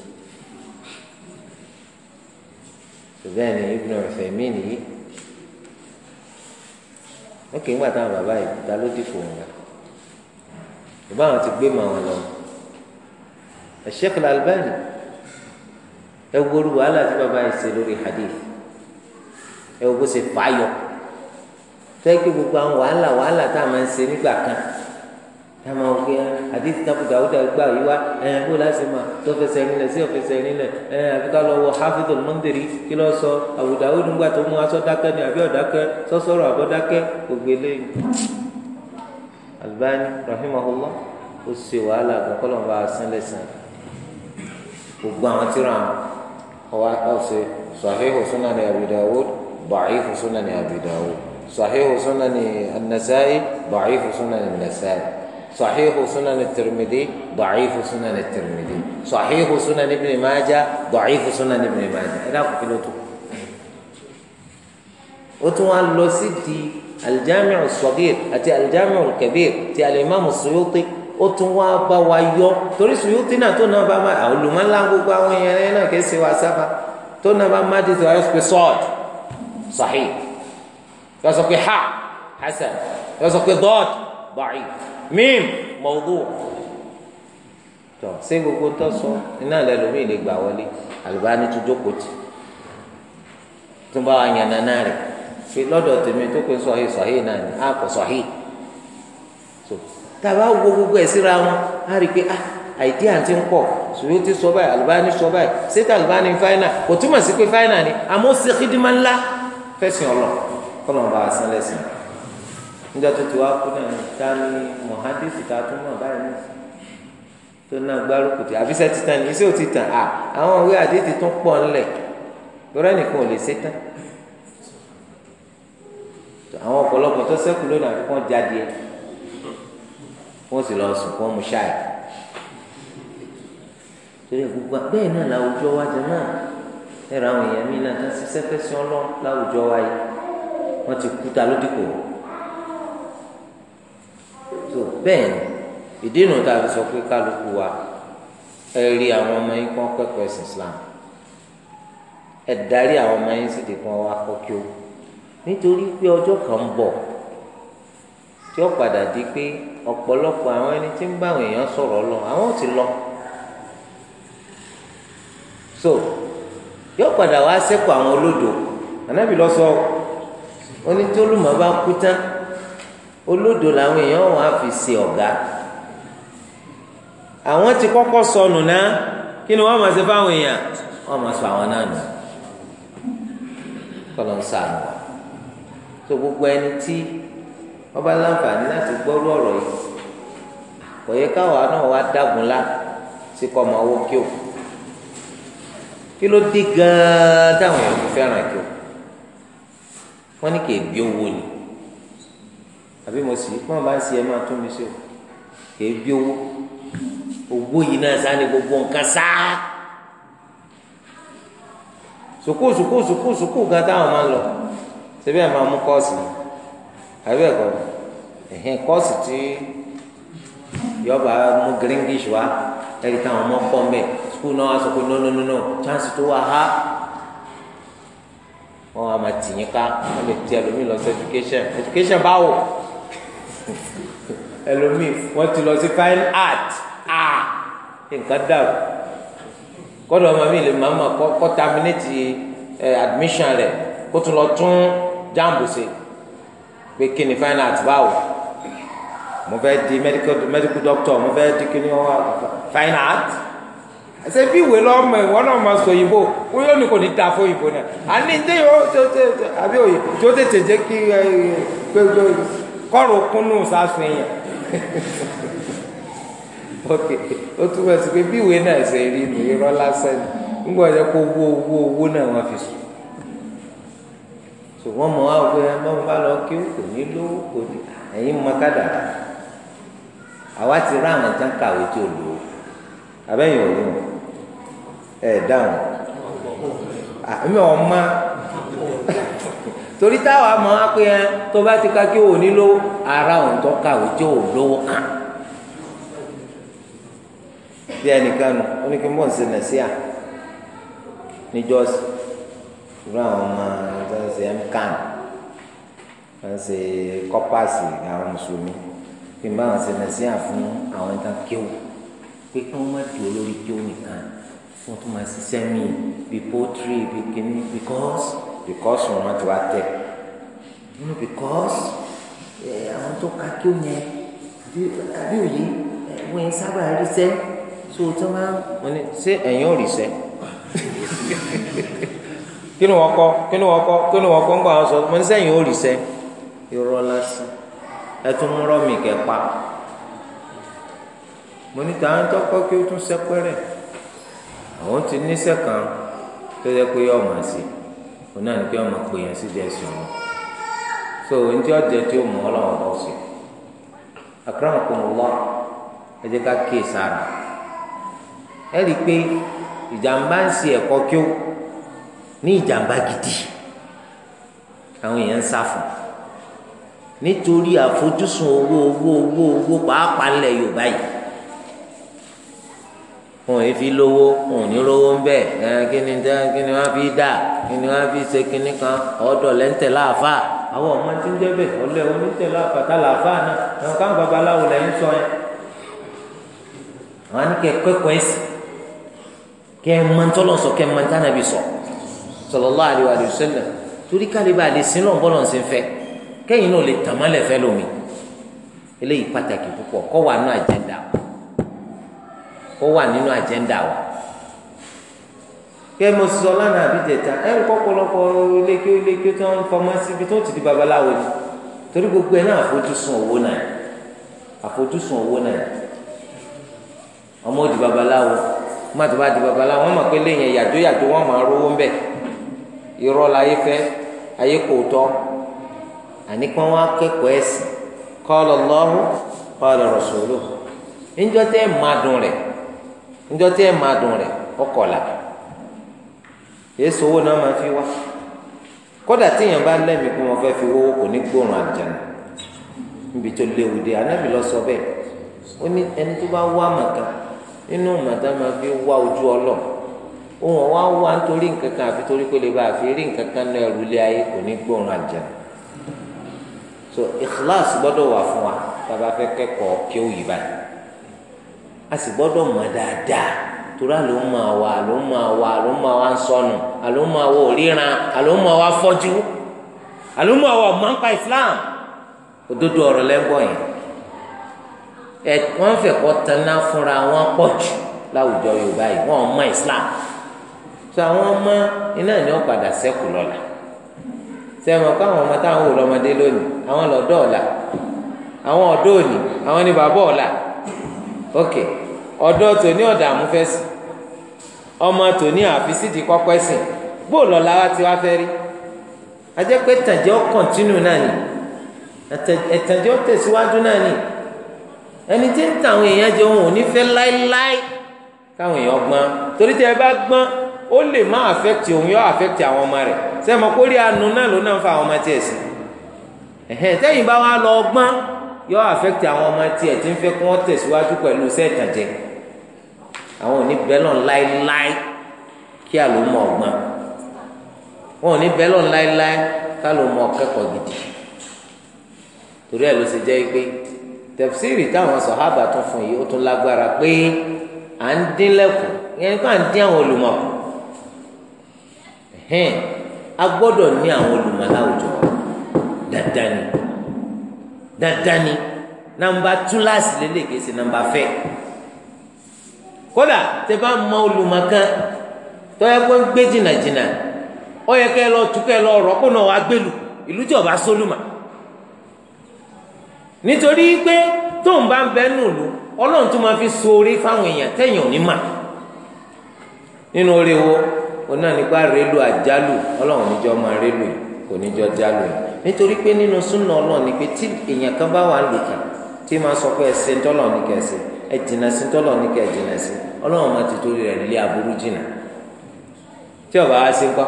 bẹ́ẹ̀ ni ibn Uthaymin yìí wọ́n kì í gbà táwọn bàbá yìí ta ló dìpọ̀ wọn la ìbáwọn ti gbé màwọn lọ Sheikh Al-Albani ẹ woru wàhálà tí bàbá yìí ṣe lórí hadith ẹ wo bó ṣe fàáyọ fẹ́ kí gbogbo àwọn wàhálà wàhálà tá a máa ń ṣe nígbà kan tá a máa wọ hadith tábùdà ó dà gbà yìí wá ẹ bó láti mà tó fẹsẹ̀ nílẹ̀ sí ọ̀fẹsẹ̀ nílẹ̀ ẹ àbíká lọ wọ hafidul Mundiri kí lọ sọ àwùdà ó dùn gbà tó mú aṣọ dákẹ́ ni àbí ọ̀dákẹ́ sọ́sọ́rọ̀ àbọ̀dákẹ́ ògbélé Albani rahimahullah ó ṣe wàhálà àgbọ̀kọ́lọ́ gbogbo àwọn tíra àwọn هو أوصي صحيح سنن أبي داود ضعيف سنن أبي داود صحيح سنن النسائي ضعيف سنن النسائي صحيح سنن الترمذي ضعيف سنن الترمذي صحيح سنن ابن ماجه ضعيف سنن ابن ماجه إلى قلته لو سيدي الجامع الصغير أتي الجامع الكبير أتي الإمام السيوطي ó tún wá bá wa yọ torí suyuti náà tó náà bá má olùmọ̀lá gbogbo àwọn èèyàn ẹ̀ náà kìí ṣe wá sábà tó náà bá má di tiwa yóò sọ pé sọ́ọ̀d sahih yóò sọ pé ha hasan yóò sọ pé dọ́ọ̀d bàáyì mím mawdu' tọ́ ṣé gbogbo tó sọ iná lẹ́lòmíì lè gbà wọlé Albani tó jókòó tì tó bá wa yànnà náà rẹ̀ fi lọ́dọ̀ tèmi tó pé sahih sahih náà ni a kò sahih tàbá wo gbogbo ẹ̀ síra wọn á rí i pé ah àìdí àti ń pọ̀ sùúrù ti sọ báyìí Albani sọ báyìí sèta Albani fáínà kò túmọ̀ sí pé fáínà ni àmọ́ ṣe kídìmá ńlá fẹ̀sìn ọ̀lọ́ kọ́nà bá a san lẹ́sìn níjọ́ tó ti wá kú náà ta ni mọ̀hádìsì ta tó mọ̀ báyìí ní tó náà gbárùkù tí àbísẹ́ ti tàn ní iṣẹ́ ò ti tàn à àwọn òwe àdéhìí tó pọ̀ ńlẹ̀ lọ́rẹ́ nìkan ò lè ṣe tán àwọn ọ̀pọ̀lọpọ̀ tó sẹ́kù lónìí àfikún jáde ẹ̀ wọ́n sì lọ sùn kó mu ṣáì torí gbogbo bẹ́ẹ̀ náà láwùjọ wa jẹ náà ẹ̀rọ àwọn èèyàn mi náà tán ṣiṣẹ́ fẹ́ sí ọlọ́ láwùjọ wa yìí wọ́n ti kú ta lódìpọ̀ so bẹ́ẹ̀ ni ìdí ìrùn tá a fi sọ pé kálukú wa ẹ rí àwọn ọmọ yín kán kẹ́kọ̀ọ́ ẹ̀sìn Islam ẹ darí àwọn ọmọ yín sì dé wá kọ́ kí o nítorí pé ọjọ́ kan ń bọ̀ tí ó padà di pé ọ̀pọ̀lọpọ̀ àwọn ẹni tí ń bá àwọn èèyàn sọ̀rọ̀ lọ àwọn ò ti lọ so yóò padà wá sẹ́kọ̀ọ́ àwọn olódò ànábì lọ sọ onítólùmọ̀ bá kú tán olódò làwọn èèyàn wọn á fi ṣe ọ̀gá àwọn ti kọ́kọ́ sọnù náà kí ni wọ́n máa ṣe fáwọn èèyàn wọ́n máa sọ àwọn náà nù kọ́ ló ń sàánù wa tó gbogbo ẹni tí wọ́n bá láǹfààní láti gbọ́rú ọ̀rọ̀ yìí kò yẹ káwa náà wá dàgùn lá sí kọ́ ọmọ owó kí o kí ló dé gan-an táwọn èèyàn fi fẹ́ràn kí o wọ́n ní kì í bí owó ni àbí mo sì kí wọ́n bá ń ṣe ẹ máa tún mi sí o kì í bí owó owó yìí náà sá gbogbo nǹkan sá sùkúù sùkúù sùkúù sùkúù gan táwọn máa ń lọ ṣe bí máa mú kọ́ọ̀sì yìí àbí ẹ̀kọ́ ẹ̀hìn kọ́ọ̀sì tí yọba mú gíríngìṣ wá ẹ̀rí táwọn ọmọ pọ̀ mẹ́ skul náà wá sọ pé nọ́nọ́nọ́nọ́ chance tó wà á wọn a máa tì yín ká wọn lè ti ẹlòmíì lọ sí education education báwo ẹlòmíì wọn ti lọ sí fine art ah nǹkan dàrú kọ́dọ̀ ọmọ mi lè máa ma kọ́ terminate eh, admission rẹ̀ kó tún lọ tún jambo ṣe pé kí ni final art báwo mo fẹ́ di medical medical doctor mo fẹ́ di kí ni final art ṣe bí ìwé lọ́mọ ìwọ náà máa sọ òyìnbó wọ́n yóò ní kò ní ta fún òyìnbó náà a ní ní yóò tó tó àbí òye tó tètè jẹ́ kí gbogbo kọ́rọ̀ kúnnù sásun yẹn ok ó túbọ̀ sí pé bí ìwé náà ṣe rí mi irọ́ lásán nígbà tó yẹ kó owó owó owó náà wọ́n fi sùn ṣùgbọ́n mọ̀ wá pé ẹ bá wọn bá lọ kí ó kò ní lówó kò ní ẹ̀yin mọ́kàdà àwa ti rá àwọn ìjà ń kàwé tí ò lò ó abẹ́yìn òun ẹ̀ dáhùn àmì ọ̀ma torí táwa mọ̀ wá pé ẹ tó bá ti ká kí ó ní lówó ara òun tó kàwé tí ò lówó kàn bí ẹnìkan nù ó ní kí n bọ̀ ń ṣe nàìjíríà níjọ́sí ìrú àwọn ọmọ ń ṣe mcan wọ́n ń ṣe kọ́pàsì àwọn mùsùlùmí bí n bá wọn ṣe nàìjíríà yà fún àwọn ìtàn kéwù pé kí wọ́n má dùn lórí kéwù nìkan wọ́n tún máa ṣiṣẹ́ míì bíi poultry bíi kìnnì because because wọn ti wá tẹ̀ nínú because àwọn tó ka kéwù yẹn àbí òye wọ́n yẹn sábà ríṣẹ́ so tí wọ́n máa. wọ́n ní ṣé ẹ̀yin ò ríṣẹ́. kí ni wọ́n kọ́ kí ni wọ́n kọ́ kí ni wọ́n kọ́ ń gbọ́ àwọn sọ mo ní sẹ́yìn ó rì sẹ́ irọ́ lásán ẹ tún mú rọ́ọ̀mì kẹpa mo ní tàà ń kí ó tún sẹ́pẹ́rẹ́ àwọn ti níṣẹ́ kan tó yẹ pé ọmọ sí òun náà ní pé ọmọ pè yẹn sí jẹ́sùn ọ̀nà so njẹ́ ọ̀jẹ̀ tí ó mọ̀ ọ́ lọ́wọ́ bọ̀ sí akramakumullah ẹ jẹ́ ká kíyè sára ẹ rí i pé ìjàmbá ń ṣe ẹ̀kọ́ kí ó ní ìjàmbá gidi àwọn èèyàn ń sá fún nítorí àfojúsùn owó owó owó owó pàápàá ńlẹ̀ Yorùbá yìí wọn èyí fi lówó wọn ò ní lówó ń bẹ ẹ kí ni dá kí ni wọn fi dá kí ni wọn fi ṣe kíní kan ọ̀dọ̀ lẹńtẹ láàfà àwọn ọmọ tí ń jẹ bẹ ọlẹ onítẹ láàfà tá láàfà náà àwọn káwọn babaláwo lẹ́yìn sọ yẹn wọn á ní kẹ kẹ́kọ̀ọ́ ẹsìn kẹ ẹ mọ ntọ́lọ́sọ kẹ ẹ mọ ntánàbí sọ. So. sallallahu alaihi wa sallam torí kálíbà lè sin náà bọ́lọ̀ sí fẹ́ kẹ́yìn náà lè tàn mọ́lẹ̀ fẹ́ lómi eléyìí pàtàkì púpọ̀ kọ́ wà nínú àjẹ́ndà wa kọ́ wà nínú àjẹ́ndà wa kẹ́ mo sọ lánàá àbí tẹ̀ta ẹ̀ ń kọ́pọ̀lọpọ̀ lékè tó ń tó ti di babaláwo ni torí gbogbo ẹ̀ náà àfojúsùn owó náà àfojúsùn owó náà ọmọ babaláwo má bá di irọ́ la yé fẹ́ ayé kò tọ́ àní kí wọ́n wá kẹ́kọ̀ọ́ ẹ̀sìn qala Allahu qala rasuluhu níjọ́ tẹ́ máa dùn rẹ̀ níjọ́ tẹ́ máa dùn rẹ̀ èso owó náà máa fi wá kódà téèyàn bá fẹ́ bá wá màkà fi wá ojú òun ọ̀wá ń wá nítorí nǹkan kan àfi torí pé lè bá àfi rí nǹkan kan náà ẹrù ayé kò ní gbóòórùn àlùjánnà so ikhlas gbọ́dọ̀ wà fún wa bàbá fẹ́ kẹ́kọ̀ọ́ kí ó yí báyìí a sì gbọ́dọ̀ mọ̀ dáadáa torí àló ń máa wà àló ń ń sọnù àló ń òríran àló ń máa wà fọ́jú àló Islam òdodo ọ̀rọ̀ lẹ́gbọ̀n yẹn ẹ̀ wọ́n fẹ̀kọ́ taná fúnra wọn pọ̀ jù láwùjọ Yorùbá yìí wọ́n mọ Islam so àwọn ọmọ iná ni wọn padà sẹ́kù lọ́la sẹ́wọ̀n kó àwọn ọmọ táwọn wò lọ́mọdé lónìí àwọn lọ́dọ̀ ọ̀la àwọn ọ̀dọ́ òní àwọn ni bàbá ọ̀la ok ọ̀dọ́ tòní ọ̀dà àmúfẹ́sì ọmọ tòní àfisídìí kọ́kọ́ ẹ̀sìn bóòlù ọ̀la wa ti wá fẹ́ rí ajẹ́ pé tàjẹ́ ó kọ̀ntínú náà ni ẹ̀tàjẹ́ ó tẹ̀síwájú náà ni ẹni tí ń tàwọn èèyàn jẹ òun ò ní fẹ́ láéláé káwọn èèyàn gbọ́n torí tẹ́ ẹ bá gbọ́n ó lè má affect òun yóò affect àwọn ọmọ rẹ̀ sẹ́mi kó anu náà ló náà ń fa àwọn ọmọ tiẹ̀ sí ẹ̀hẹ́n tẹ́yìn bá wa lọ gbọ́n yóò affect àwọn ọmọ tiẹ̀ tí ń fẹ́ kí wọ́n tẹ̀síwájú pẹ̀lú sẹ́ẹ̀tàjẹ́ àwọn òní bẹ́lọ̀ láéláé kí àlòmọ̀ ọ̀gbọ́n wọn ò ní bẹ́lọ̀ láéláé kálòmọ̀ gidi torí ẹ̀ ló ṣe jẹ́ pé tẹ̀fsíìrì táwọn sọ̀hábà tún fún yìí ó tún lágbára pé à ń dín lẹ́kùn yẹn hẹn a ní àwọn ni dandan ni nàmbà túláàsì lélẹ̀ kìí nàmbà fẹ́ kódà tẹ mọ olùmọ̀ tọ́yẹ pé ń gbé jìnnàjìnnà ó kẹ́ lọ tukẹ́ lọ kó ìlú tí ọba sólùmọ̀ nítorí pé tóun bá ń nù lù ọlọ́run tó fi so orí fáwọn èèyàn tẹ̀yàn ní mà nínú orí òun náà nípa rélu àjálù ọlọ́run níjọ́ máa rélu yìí kò níjọ́ jálù yìí nítorí pé nínú súnà ọlọ́run ni pé tí èèyàn kan bá wà lùkà tí máa sọ pé ẹsẹ̀ ńtọ́lọ̀ ní kẹsẹ̀ ẹ jìnnà sí ńtọ́lọ̀ ní kẹ jìnnà sí ọlọ́run máa ti torí rẹ̀ lé aburú jìnnà tí ọba wá sí ńkọ́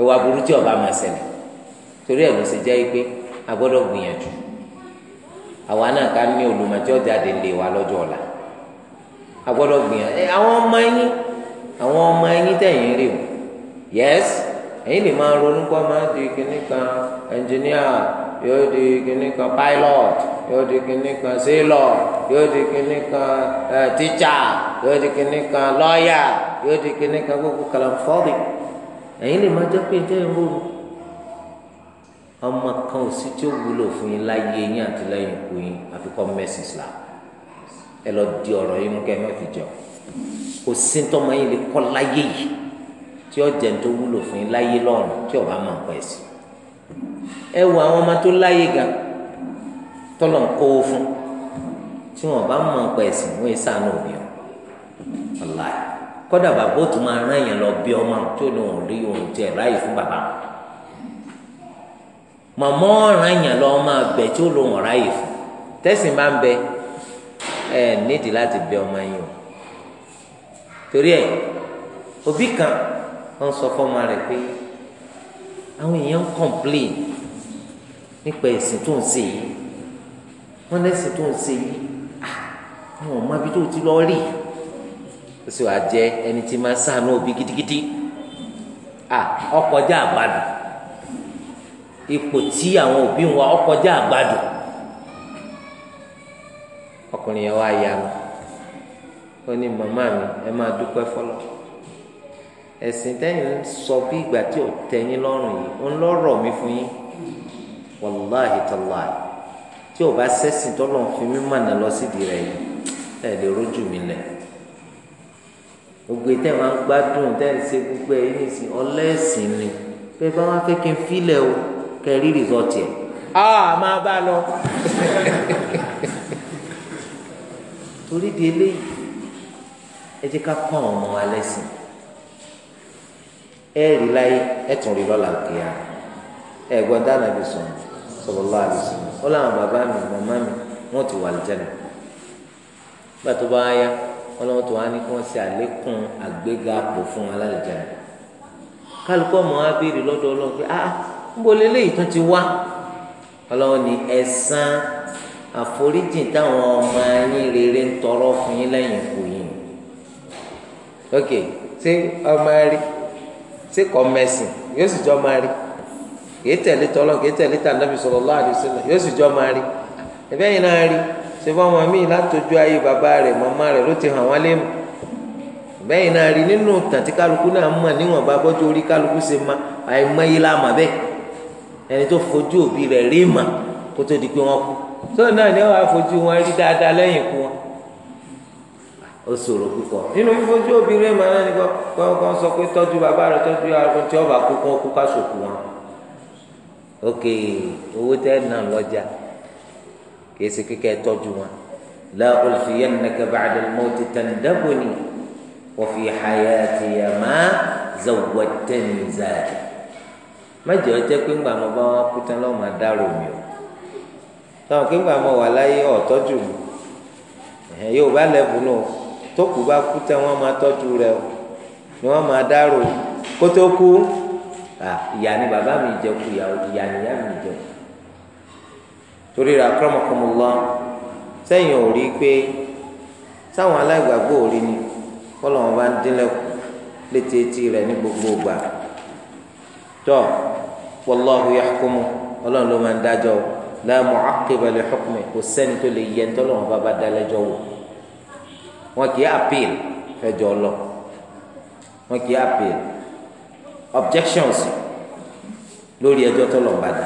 ẹwà aburú tí ọba máa ṣẹlẹ̀ torí ẹ̀ ló ṣe jẹ́ pé a gbọ́dọ̀ gbìyànjú àwa náà ká ní olùmọ̀jọ́ jáde lè wa lọ́jọ́ ọ̀la a gbọ́dọ̀ gbìyànjú àwọn ọmọ yín àwọn ọmọ ẹyin tẹ̀yìn rè o yẹs ẹyin lè máa ronú kọ́ máa di kíní kan ẹnjìníà yóò di kíní kan pilot yóò di kíní kan sailor yóò di kíní kan ẹ tíjà yóò di kíní kan lọ́ọ̀yà yóò di kíní kan gbogbo kàlàfọ́ọ̀dì ẹyin lè máa jẹ́ pé tẹ́yìn rò o ọmọ kan ò sí tí ó wúlò fún yín láyé yín àti lẹ́yìn ikú yín àfikọ́ mẹ́sì islam ẹ lọ di ọ̀rọ̀ yín mú kẹ́ ẹ má fi jẹun kò sí tọmọ yín lè kọ́ láyé yìí tí ó tó wúlò fún yín láyé lọ́rùn tí ó bá máa pẹ́ ẹ wo àwọn ọmọ tó láyé ga tọ́lọ̀ ń kówó fún tí wọn bá máa pẹ́ sí wọn yìí sànù òbí ọ ọláyé kódà bàbá ó tún máa rán èèyàn lọ bí ọmọ tí ó ní òun rí òun jẹ ráàyè fún bàbá màmá ọ̀ràn èèyàn lọ ọmọ abẹ tí ó lóun ráàyè fún tẹ́sìn bá ń bẹ ẹ nídìí láti bẹ ọmọ yín o torí ẹ òbí kan wọn sọ fọmọ rẹ pé àwọn èèyàn ń complain nípa ẹ̀sìn tó ń ṣe yìí wọn lẹ́sìn tó ń ṣe yìí àwọn ọmọ abí tó ti lọ rí ó sì wàá jẹ ẹni tí máa ṣàánú òbí gidigidi à ọkọjá àgbàdùn ipò tí àwọn òbí wa ọkọjá àgbàdùn ọkùnrin yẹn wá yá ó ní màmá mi ẹ máa dúpẹ́ fọlọ́ ẹ̀sìn tẹ́yìn ń sọ bí ìgbà tí ò tẹ́yìn lọ́rùn yìí ń lọ́rọ̀ mi fún yín wàláhì tàláhì tí ò bá sẹ́sìn tọ́lọ̀ fi mí mànà lọ sídìí rẹ̀ yìí ẹ̀ lè rójú mi lẹ̀ gbogbo tẹ́ máa ń gbádùn tẹ́ ń ṣe gbogbo ẹ̀ ní ìsìn ọlẹ́sìn ni bẹ́ẹ̀ bá wọn kékeré fílẹ̀ o kẹ́ rí rìsọ̀tì ẹ̀ á máa bá lọ torí di eléyìí ẹ jẹ́ ká kọ́ àwọn ọmọ wa lẹ́sìn ẹ rí láyé ẹ tún rí lọ́la kìá ẹ gbọ́n dáná bí sùn sallallahu alaihi wasallam ó láwọn bàbá mi màmá mi wọ́n ti wà lẹ́jẹ̀nà nígbà tó bá yá wọn lọ́wọ́ tó wá ní kí wọ́n ṣe àlékún àgbéga àpò fún wọn lálẹ́jẹ̀nà kálukọ́ mọ́ á béèrè lọ́dọ̀ ọlọ́run pé ah ń bo leléyìí tún ti wá ọlọ́run ní ẹ̀san àforíjìn táwọn ọmọ yín rere ń tọrọ fún yín lẹ́yìn kù yín. ok ṣé ọmọ rí ṣé kọ mẹsìn yóò sì jọ ọmọ rí kìí tẹ̀lé tọ́lọ́ kìí tẹ̀lé tànàbí sallallahu alaihi wasallam yóò sì jọ ọmọ rí ẹ̀fẹ́ yìí náà rí ṣé fọmọ mi látọjú ayé bàbá rẹ̀ màmá rẹ̀ ló ti hàn wọ́n lé mu ẹ̀fẹ́ yìí náà rí nínú tàǹtí kálukú náà mọ̀ bọ́jú orí kálukú ma àìmọye la mà bẹ́ẹ̀ ẹni tó ó ṣòro púpọ̀ nínú fífojú obìnrin máa ń nípa kọ́ńkọ́ sọ pé tọ́jú bàbá rẹ̀ tọ́jú àwọn tí ọba kú kọ́ kú káṣòkù wọn. ok owó tẹ́ náà lọ́jà kìí ṣe kíkẹ́ tọ́jú wọn. la ulfiyannaka ba'da al-mawti tandabuni wa fi hayati ma zawwajtani zadi. mẹ́jọ jẹ́ pé ńgbà mo bá wọn kú tán lọ́wọ́ máa dárò mi o. táwọn kí ńgbà mo wà láyé ọ̀tọ́jú mi. yóò bá lẹ́bùn náà tókù bá kú tẹ wọn máa tọ́jú rẹ o ni wọn máa dárò kó tó kú ìyá ni bàbá mi jẹku ìyá ni ìyá mi jẹku torí ra akramakumullah sẹ́yìn ò rí pé sáwọn aláìgbàgbọ́ ò rí ni kọ́lọ̀ wọn bá ń dínlẹ̀kù létí etí ní gbogbo ìgbà tọ́ wallahu yahkumu ọlọ́run ló máa ń dájọ́ la mu'aqqiba li hukmihi kò sẹ́ni tó lè yẹ ń tọ́lọ́run bá bá dá wò wọn kì í appeal fẹjọ lọ wọn kì í appeal objections lórí ẹjọ́ tó lọ gbàdá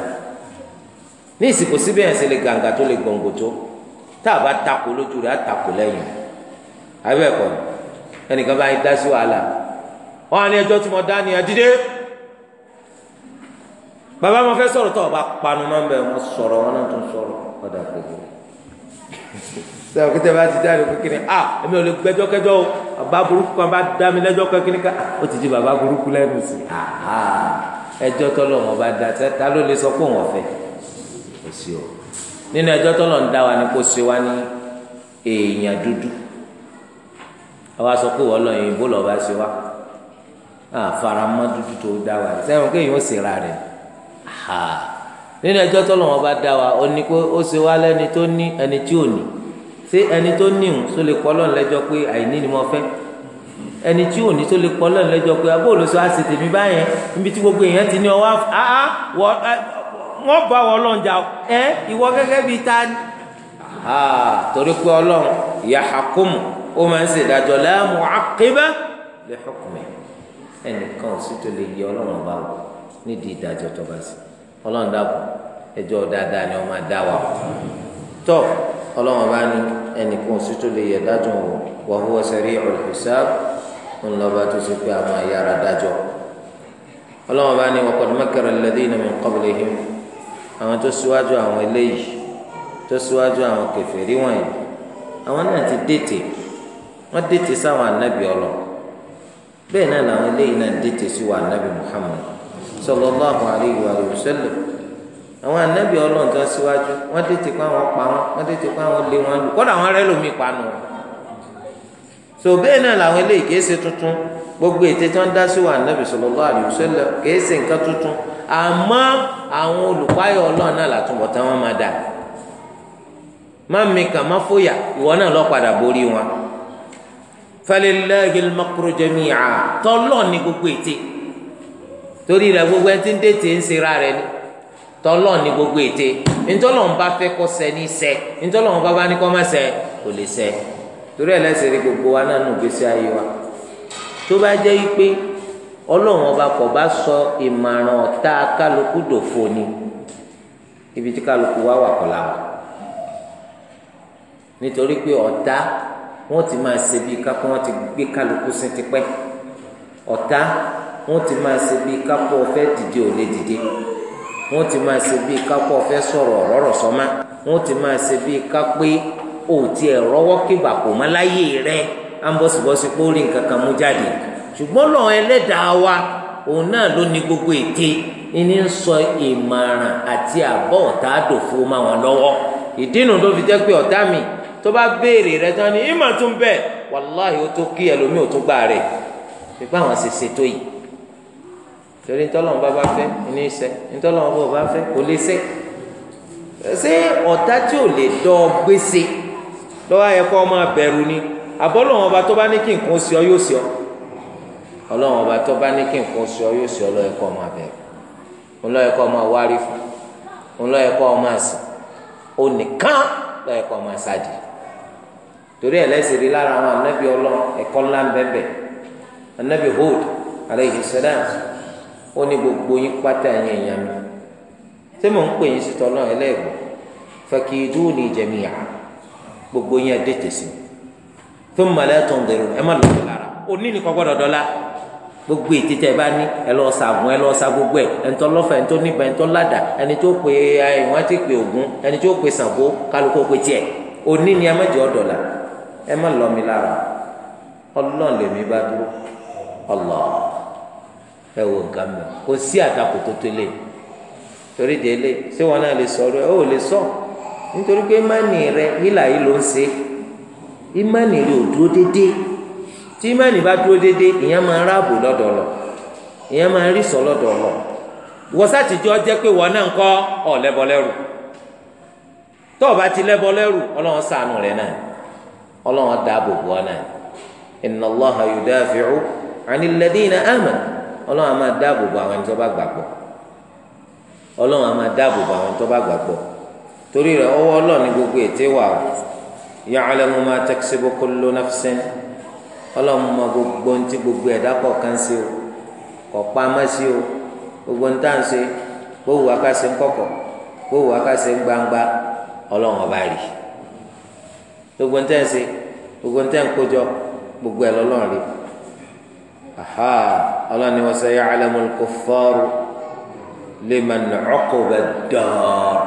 ní ìsìnkú síbẹ̀ yẹn sì lè gàǹgà tó lè gbòǹgò tó tá a bá takò lójú rẹ̀ á takò lẹ́yìn abẹ́ ẹnìkan bá yín dá sí wàhálà wọn á ní ẹjọ́ tí mo dá ni àdídé bàbá mo fẹ́ sọ̀rọ̀ tó o bá panu mọ́ bẹ́ẹ̀ mo sọ̀rọ̀ wọn náà tún sọ̀rọ̀ ọ̀dà pẹ̀lú sọ kẹtẹ bá ti jáde kékeré a ah, èmi ò lè gbẹ́jọ́ kẹ́jọ́ o bàbá burúkú kan bá dá mi lẹ́jọ́ kékeré ká ó ti di bàbá burúkú lẹ́nu sí i ẹjọ́ tọlọ wọn bá da ta ló lè sọ pé òun ọ̀fẹ́ kò sí o nínú ẹjọ́ tọlọ ń dá wa ni kò sí wa ní èèyàn dúdú àwa sọ pé wọ́n lọ yìnbó lọ́ọ́ bá ṣe wa àfaramọ́ dúdú tó dá wa sẹ́wọ̀n kéèyàn ó sì ra rẹ̀ nínú ẹjọ́ tọlọ wọn bá dá wa ó ní kó ó ṣe wa lẹ́ni tó ní ẹni tí ò ní ṣé ẹni tó ní òun tó lè kọ́ lọ́n lẹ́jọ́ pé àìní ni mo fẹ́ ẹni tí ò ní tó lè kọ́ lọ́n lẹ́jọ́ pé abó olóṣù àṣẹ tèmi báyẹn níbi tí gbogbo èèyàn ti ní ọwọ́ àá wọ́n bá wọ́n lọ́n jà ẹ́ ìwọ gẹ́gẹ́ bíi ta ni. torí pé ọlọ́run yahkumu ó máa ń ṣèdájọ́ la mu'aqqiba li hukmihi ẹnìkan ò sì tó lè yẹ ọlọ́run ọba wò nídìí ìdájọ́ tó bá sí ọlọ́run dàpọ̀ ẹjọ́ dáadáa ni wọ́n máa dá wa tọ Ọlọ́run bá ní ẹnìkan sí tó lè yẹ dájọ́ wò wà huwa sari'ul hisab ńlọba tó ti pé àwọn ayára dájọ́ Ọlọ́run bá ní wa qad makara alladhina min qablihim àwọn tó síwájú àwọn eléyìí tó síwájú àwọn kèfèrí wọ̀nyí àwọn náà ti dètè wọn dètè sáwọn anábì ọlọ bẹ́ẹ̀ náà làwọn eléyìí náà dètè sí wa anábì Muhammad sallallahu alayhi wa sallam àwọn anábì Ọlọ́run tó síwájú wọ́n tètè pa àwọn pa wọn wọ́n tètè pa àwọn lé wọn lù kódà àwọn arẹ lómi panu so bẹ́ẹ̀ náà làwọn eléyìí kìí ṣe tuntun gbogbo ètè tí wọ́n dá sí wa anábì sallallahu alaihi wasallam kìí ṣe nǹkan tuntun àmọ́ àwọn olùpáyọ Ọlọ́run náà làtúbọ̀ tán wọ́n máa dà má mi kàn má fòyà ìwọ náà lọ padà borí wọn falillahil makru jami'a tọlọ gbogbo ètè torí rẹ̀ gbogbo ẹ tọlọ ní gbogbo ète ntọlọ ń bá fẹ́ kó ṣẹ ní ṣẹ ntọlọ ń bá bá ní kó má ṣẹ kò lè ṣẹ torí ẹlẹsẹ rí gbogbo wa náà nù gbèsè ayé wa tó bá jẹ́ pé ọlọ́run ọba kò bá sọ ìmọ̀ràn ọ̀tá kálukú dòfo ni ibi tí kálukú wá wà kọ́ làwọn nítorí pé ọ̀tá wọ́n ti máa ṣe bíi kápẹ́ wọn ti gbé kálukú sí tipẹ́ ọ̀tá wọn ti máa ṣe bíi kápẹ́ ọ̀fẹ́ dìde ò lè dìde. wọ́n ti máa ṣe bíi kápọ̀ fẹ́ sọ̀rọ̀ wọ́n ti máa ṣe bíi kápé ò tiẹ̀ rọ́wọ́ kébà kò má láyé rẹ á ń bọ́sibọ́sí pé ó rí nǹkan kan mú jáde ṣùgbọ́n ẹlẹ́dàá wa òun náà ló ní gbogbo ète ní ń sọ ìmọ̀ràn àti àbọ̀ ọ̀tá àdòfo wọn lọ́wọ́ ìdínú fi jẹ́ pé ọ̀tá mi tó bá béèrè rẹ tán ni ìmọ̀ tún wàláhì ó tó kí ẹlòmíì ó gbà rẹ̀ pípa àwọn tó yìí torí ntọ́lọ́wọ́n bá bá fẹ́ ní iṣẹ́ ntọ́lọ́wọ́n bá bá fẹ́ kò lè ṣe ṣé ọ̀tá tí ò lè dọ́ ọ gbèsè lọ́wọ́ ayẹ kọ́ ọmọ abẹ̀rù ni àbọ́lọ́wọ́n ọba tó bá ní kí nǹkan oṣù ọ yóò ṣe ọ ọlọ́wọ́n ọba tó bá ní kí nǹkan oṣù ọ yóò ṣe ọ lọ́yẹ kọ́ ọmọ abẹ̀rù ńlọ́yẹ kọ́ ọmọ wárí fún ńlọ́yẹ kọ́ ọmọ àsìn onìkan lọ́yẹ kọ́ ọmọ àsájì torí ẹ̀ lẹ́sìn rí lára àwọn anábì ọlọ́ ẹ̀kọ́ ńlá ń bẹ́ẹ̀ bẹ́ẹ̀ anábì Hud alayhi salam ó ní gbogbo yín pátá ẹ̀yin èèyàn mi ṣé mò ń pè yín sí tọ́lọ́ ẹlẹ́gbọ̀n fakiduni jami'a gbogbo yín ẹdẹ tẹsí thumma la tunziru ẹ má lọ́ọ́ lára òní ni kò gbọ́dọ̀ dọ́là gbogbo ètí tẹ bá ní ẹ lọ́ọ́ sàgùn ẹ lọ́ọ́ sa gbogbo ẹ ẹnitọ́ lọ́fà ẹnitọ́ níbà ẹnitọ́ ládà ẹni tó pe ẹ̀wọ̀n ti pe Ògún ẹni tó pe Ṣàngó kálukú pe tiẹ̀ òní ni ẹ má jẹ́ ẹ má lọ́ọ́ mi lára ọlọ́ọ̀lẹ̀mí bá dúró ọlọ́ọ̀ ẹ wo nǹkan kò sí àtakò tó tẹlẹ torí délé ṣé wọn náà lè sọ̀rọ̀ ẹ ò lè sọ nítorí pé ìmánì rẹ hílà yìí ló ń ṣe ìmánì rẹ ò dúró dédé tí ìmánì bá dúró dédé ìyẹn máa ráàbò lọ́dọ̀ ìyẹn máa rí sọ lọ́dọ̀ lọ wọ́n sátìjọ́ pé wọ́n náà ń kọ́ ọ̀ tó ti náà dáàbò náà Allaha ọlọ́run a máa dáàbò bo àwọn ẹni tó bá gbàgbọ́ ọlọ́run a máa dáàbò bo àwọn ẹni tó bá gbàgbọ́ torí rẹ̀ ọwọ́ ọlọ́run ní gbogbo ètè wà ó ya'lamu ma taksibu kullu nafsin ọlọ́run mọ gbogbo ntí gbogbo ẹ̀dá kọ̀ọ̀kan sí o kọ̀ pamọ́ sí o gbogbo ń tà ń ṣe gbówó akásí ń kọ̀kọ̀ gbówó akásí ń gbangba ọlọ́run ọba rì gbogbo ń tẹ́ ń ṣe gbogbo ń tẹ́ ń kójọ gbogbo ẹ̀ lọ́lọ́run rè aha ọlọ́ni wọ́n sọ yà alamul kuffaru liman uquba dar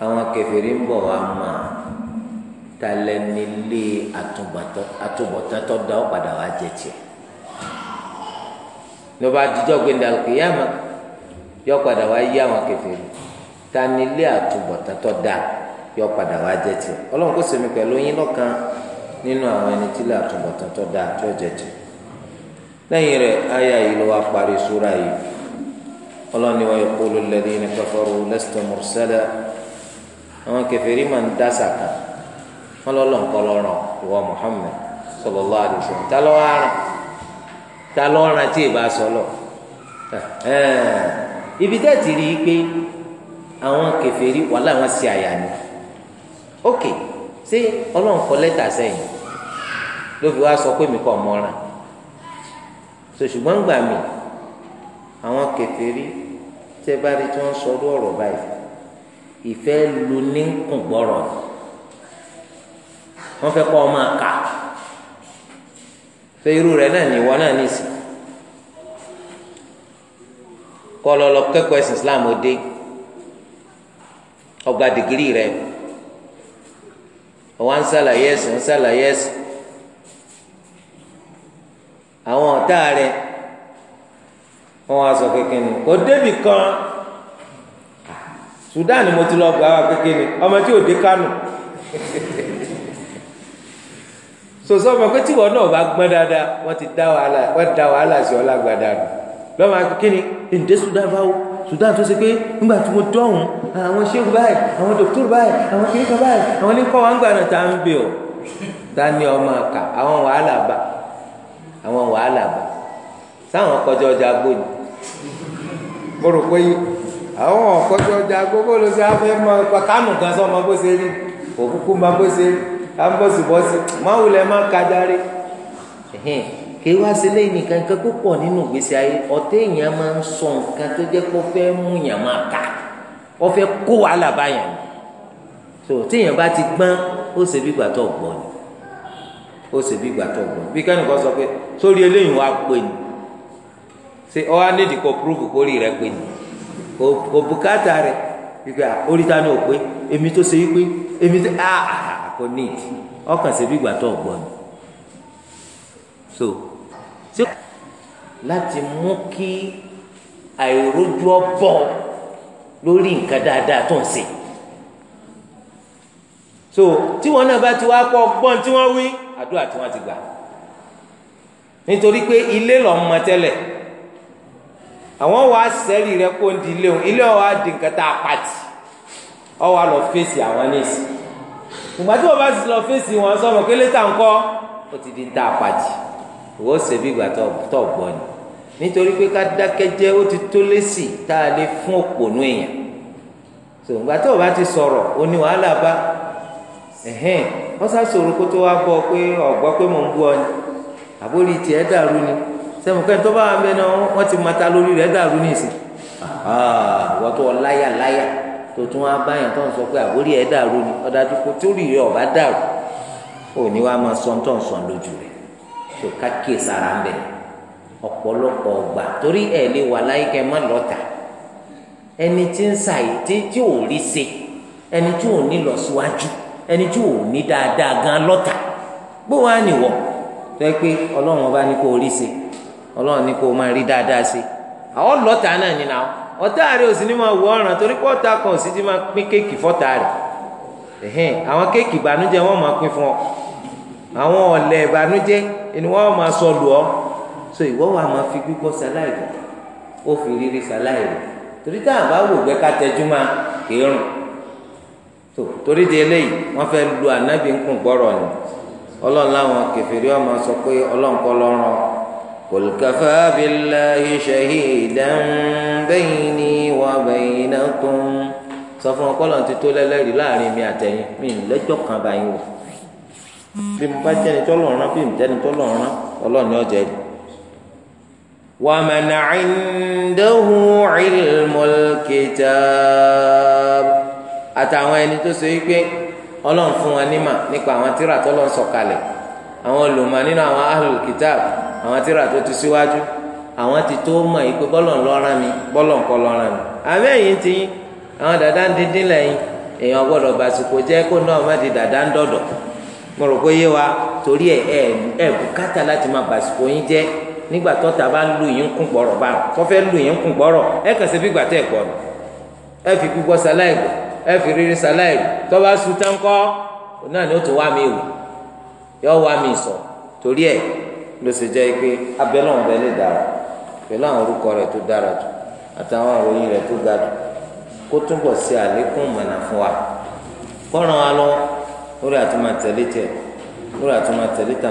àwọn kèfèrí ń bọ̀ wá mà talẹ́nilé àtúbọ̀tán tó padà wá jẹ tiẹ̀ ló bá dijọ́ gbẹ̀ndà kìyàmà yọ padà wá yí àwọn kèfèrí tanilé àtúbọ̀tán tó dáa yọ padà wá jẹ tiẹ̀ ọlọ́run kò sèmi pẹ̀lú yín lọ́kàn nínú àwọn ẹni tí lè àtúbọ̀tán tó tó jẹ tiẹ̀ lẹ́yìn rẹ̀ aya yìí ló wá parí sura yìí ọlọ́ni wa yaqulu alladhina kafaru lasta mursala àwọn kèfèrí máa ń dá sàkà wọn lọ́lọ́ nkọlọ́rọ̀ ìwọ Muhammad sallallahu alaihi wasallam ta ló wá rán ta ló rán tí ì bá sọlọ ibi tẹ́ ti rí i pé àwọn kèfèrí wà láwọn sí àyà ni ok ṣé ọlọ́nkọ lẹ́tà sẹ́yìn ló fi wá sọ pé mi kọ́ mọ́ràn so ṣùgbọ́n gbà mí àwọn kèfèrí tẹ́ bá rí tí wọ́n sọ ọdún ọ̀rọ̀ báyìí ìfẹ́ lu ní kùn gbọ́rọ̀ wọ́n fẹ́ kọ́ ọ máa kà fẹ́ irú rẹ̀ náà ní ìwọ náà ní ìsìn kọ́ lọ lọ kẹ́kọ̀ọ́ ẹ̀sìn Islam òde ọgbà dìgírì rẹ̀ wọ́n á ń sàlàyé ẹ̀sìn ń sàlàyé ẹ̀sìn àwọn ọ̀tá rẹ̀ wọ́n wá sọ kékeré ni kò débì kan ah, Sudan ni mo ti lọ gbà wá kékeré ni ọmọ tí ò dé Kánò sọsọ ọmọ pé tíwọ náà bá gbọ́n dáadáa wọ́n ti dá wàhálà wọ́n da wàhálà sí ọlá gbàdá lọ́mọ akékeré ni ǹdẹ́ Sudan bá wò Sudan tó ṣe pé ńgbà tí mo dọ̀hún àwọn ṣéwù báyìí àwọn dòkítọ́rù báyìí àwọn kìnìkan báyìí àwọn ní wa ń gbà náà tá à ń bè ọ́ tá ni ọmọ àkà àwọn wàhálà bá àwọn wàhálà bá sáwọn kọjá ọjà gbóni mo rò pé àwọn ọ̀kọ́jọ́ ọjà gbogbo ló ṣe afẹ́ mọ kánù gan sọ ma bó ṣe rí òkúkú ma bó ṣe rí ambọ̀sibọ́sì máwùlẹ̀ má kájàre kí wá sí lẹ́yìn nìkan nǹkan púpọ̀ nínú ìgbésí ayé ọ̀tẹ́ èèyàn máa ń sọ nǹkan tó jẹ́ pé ó fẹ́ mú yàn máa kà ó fẹ́ kó wàhálà báyàn tó téèyàn bá ti gbọ́n ó ṣe bí gbàtọ̀ gbọ́n ni ó sì bí ìgbà tó gbọ́ bí kẹ́nìkan sọ pé sórí eléyìí wàá pè ní ṣe ọ wá nídìí kó púrúfù kórì rẹ pè ní kò bùkátà rẹ wípé oríta ni ò pé èmi tó ṣe wípé èmi tó àà kò ní ìdí ọkàn ṣe bí ìgbà tó gbọ́ ni so ṣé láti mú kí àìrójú ọ bọ lórí nǹkan dáadáa tó ń ṣe so tí wọn náà bá ti wá kọ gbọ́n tí wọ́n wí àdúrà tí wọ́n ti gbà nítorí pé ilé lọ mọ tẹ́lẹ̀ àwọn wà á sẹ́rì rẹ kó ń di ilé òun ilé ọ̀ wá di nǹkan tá a pàtì ọ̀ wá lọ fèsì àwọn níìsì ìgbà tí wọn bá ti lọ fèsì wọn sọmọ pé létà ńkọ́ ó ti di ń tá a pàtì ìwọ ṣe bí ìgbà tó gbọ́ ni nítorí pé ká dákẹ́jẹ́ ó ti tó lésì tá a lè fún òpònú èèyàn so ìgbà tí wọn bá ti sọ̀rọ̀ ó wàhálà bá ẹ̀hẹ́n wọ́n sá sọ̀rọ̀ kó tó wá bọ̀ pé ọ̀gbọ́ pé mò ń bú ọ ni àbórí tiẹ̀ dàrú ni sẹ́mukẹ́ tó bá wà bẹ́ẹ̀ náà wọ́n ti mata lórí rẹ̀ dàrú ní ìsìn wọ́n tó láyà láyà tó tún wá báyàn tó ń sọ pé àbórí ẹ̀ dàrú ni ọ̀dájú kó tó rí rẹ̀ ọ̀bá dàrú ò ní wàá máa sọ tó ń sọ lójú rẹ̀ tó kákìí sára ń bẹ̀ ọ̀pọ̀lọpọ̀ ọgbà torí ẹ̀ lè wà láyé kẹ́ mọ́ lọ́tà ẹni tí ń sàyè tí ò rí ṣe ẹni tí ò ní lọ síwájú. Si ẹni tí ò ní dáadáa gan lọ́tà bó wàá nìwọ tó yẹ pé ọlọ́run ọba ní kó rí ṣe ọlọ́run ní kó máa rí dáadáa ṣe àwọn lọ́tà náà ní nà ọ̀tá rẹ̀ ò sì ní máa wọ ọ̀ràn torí pé ọ̀tá kan ò sì ti máa pín kéèkì fọ́tà rẹ̀ ẹ̀hìn àwọn kéèkì ìbànújẹ́ wọ́n máa pín fún ọ àwọn ọ̀lẹ̀ ìbànújẹ́ ni wọn máa sọ lù ọ́ so ìwọ wa máa fi gbígbọ́ sáláì ó fi rírí sáláì rẹ̀ torí tá a bá wò gbẹ́ ká tẹjú máa kéèrùn tó torí di eléyìí wọ́n fẹ́ lu ànábì ń kún gbọ́rọ̀ ni ọlọ́run láwọn kẹfìrí ọmọ sọ pé ọlọ́run kọ́ lọ́rọ̀ qul kafā billāhi shahīdan baynī wa baynakum sọ fún ọpọlọ ti tó lẹ́lẹ́rìí láàrin mi àtẹ̀yìn mi lẹ́jọ́ kan bá yín wò bí mo bá jẹ́ni tó lọ rán bí mo jẹ́ni tó lọ rán ọlọ́run ni ọjà yìí. waman 'indahu 'ilmul àtàwọn ẹni tó ṣe wípé ọlọ́run fún wọn nímà nípa àwọn tíra tó lọ́n sọ̀kalẹ̀ àwọn olùmọ̀ nínú àwọn ahlul kitab àwọn tíra tó ti síwájú àwọn ti tó mọ̀ yìí pé bọ́lọ̀ lọ́ra mi bọ́lọ̀ kọ́ lọ́ra mi àmì ẹ̀yìn ti yín àwọn dàda ń dídín lẹ́yìn èèyàn gbọ́dọ̀ bàsìkò jẹ́ kó náà má di dàda ń dọ̀dọ̀ mo rò pé yé wa torí ẹ ẹ bùkátà láti máa bàsìkò yín jẹ́ nígbà tó bá ń lu yín kún gbọ́rọ̀ báwọn tó fẹ́ lu yín kún gbọ́rọ̀ ẹ kàn sí bí gbàtẹ́ ẹ̀kọ́ ẹ fi gbígbọ́ sáláì gbọ́ ẹ fi rírí sàláì tó bá sùn tán kọ́ náà ni ó tún wá mi wò yọ wá mi sọ torí ẹ ló sì jẹ́ pé abẹ́lẹ́ ọ̀hún bẹ́ẹ̀ lè dára pẹ̀lú àwọn orúkọ rẹ̀ tó dára jù àtàwọn àròyìn rẹ̀ tó ga jù kó túbọ̀ sí àlékún mọ̀nà fún wa kọ́ran wa lọ lórí àtúmọ̀ tẹ̀lé tẹ̀ lórí tẹ̀lé tà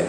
kó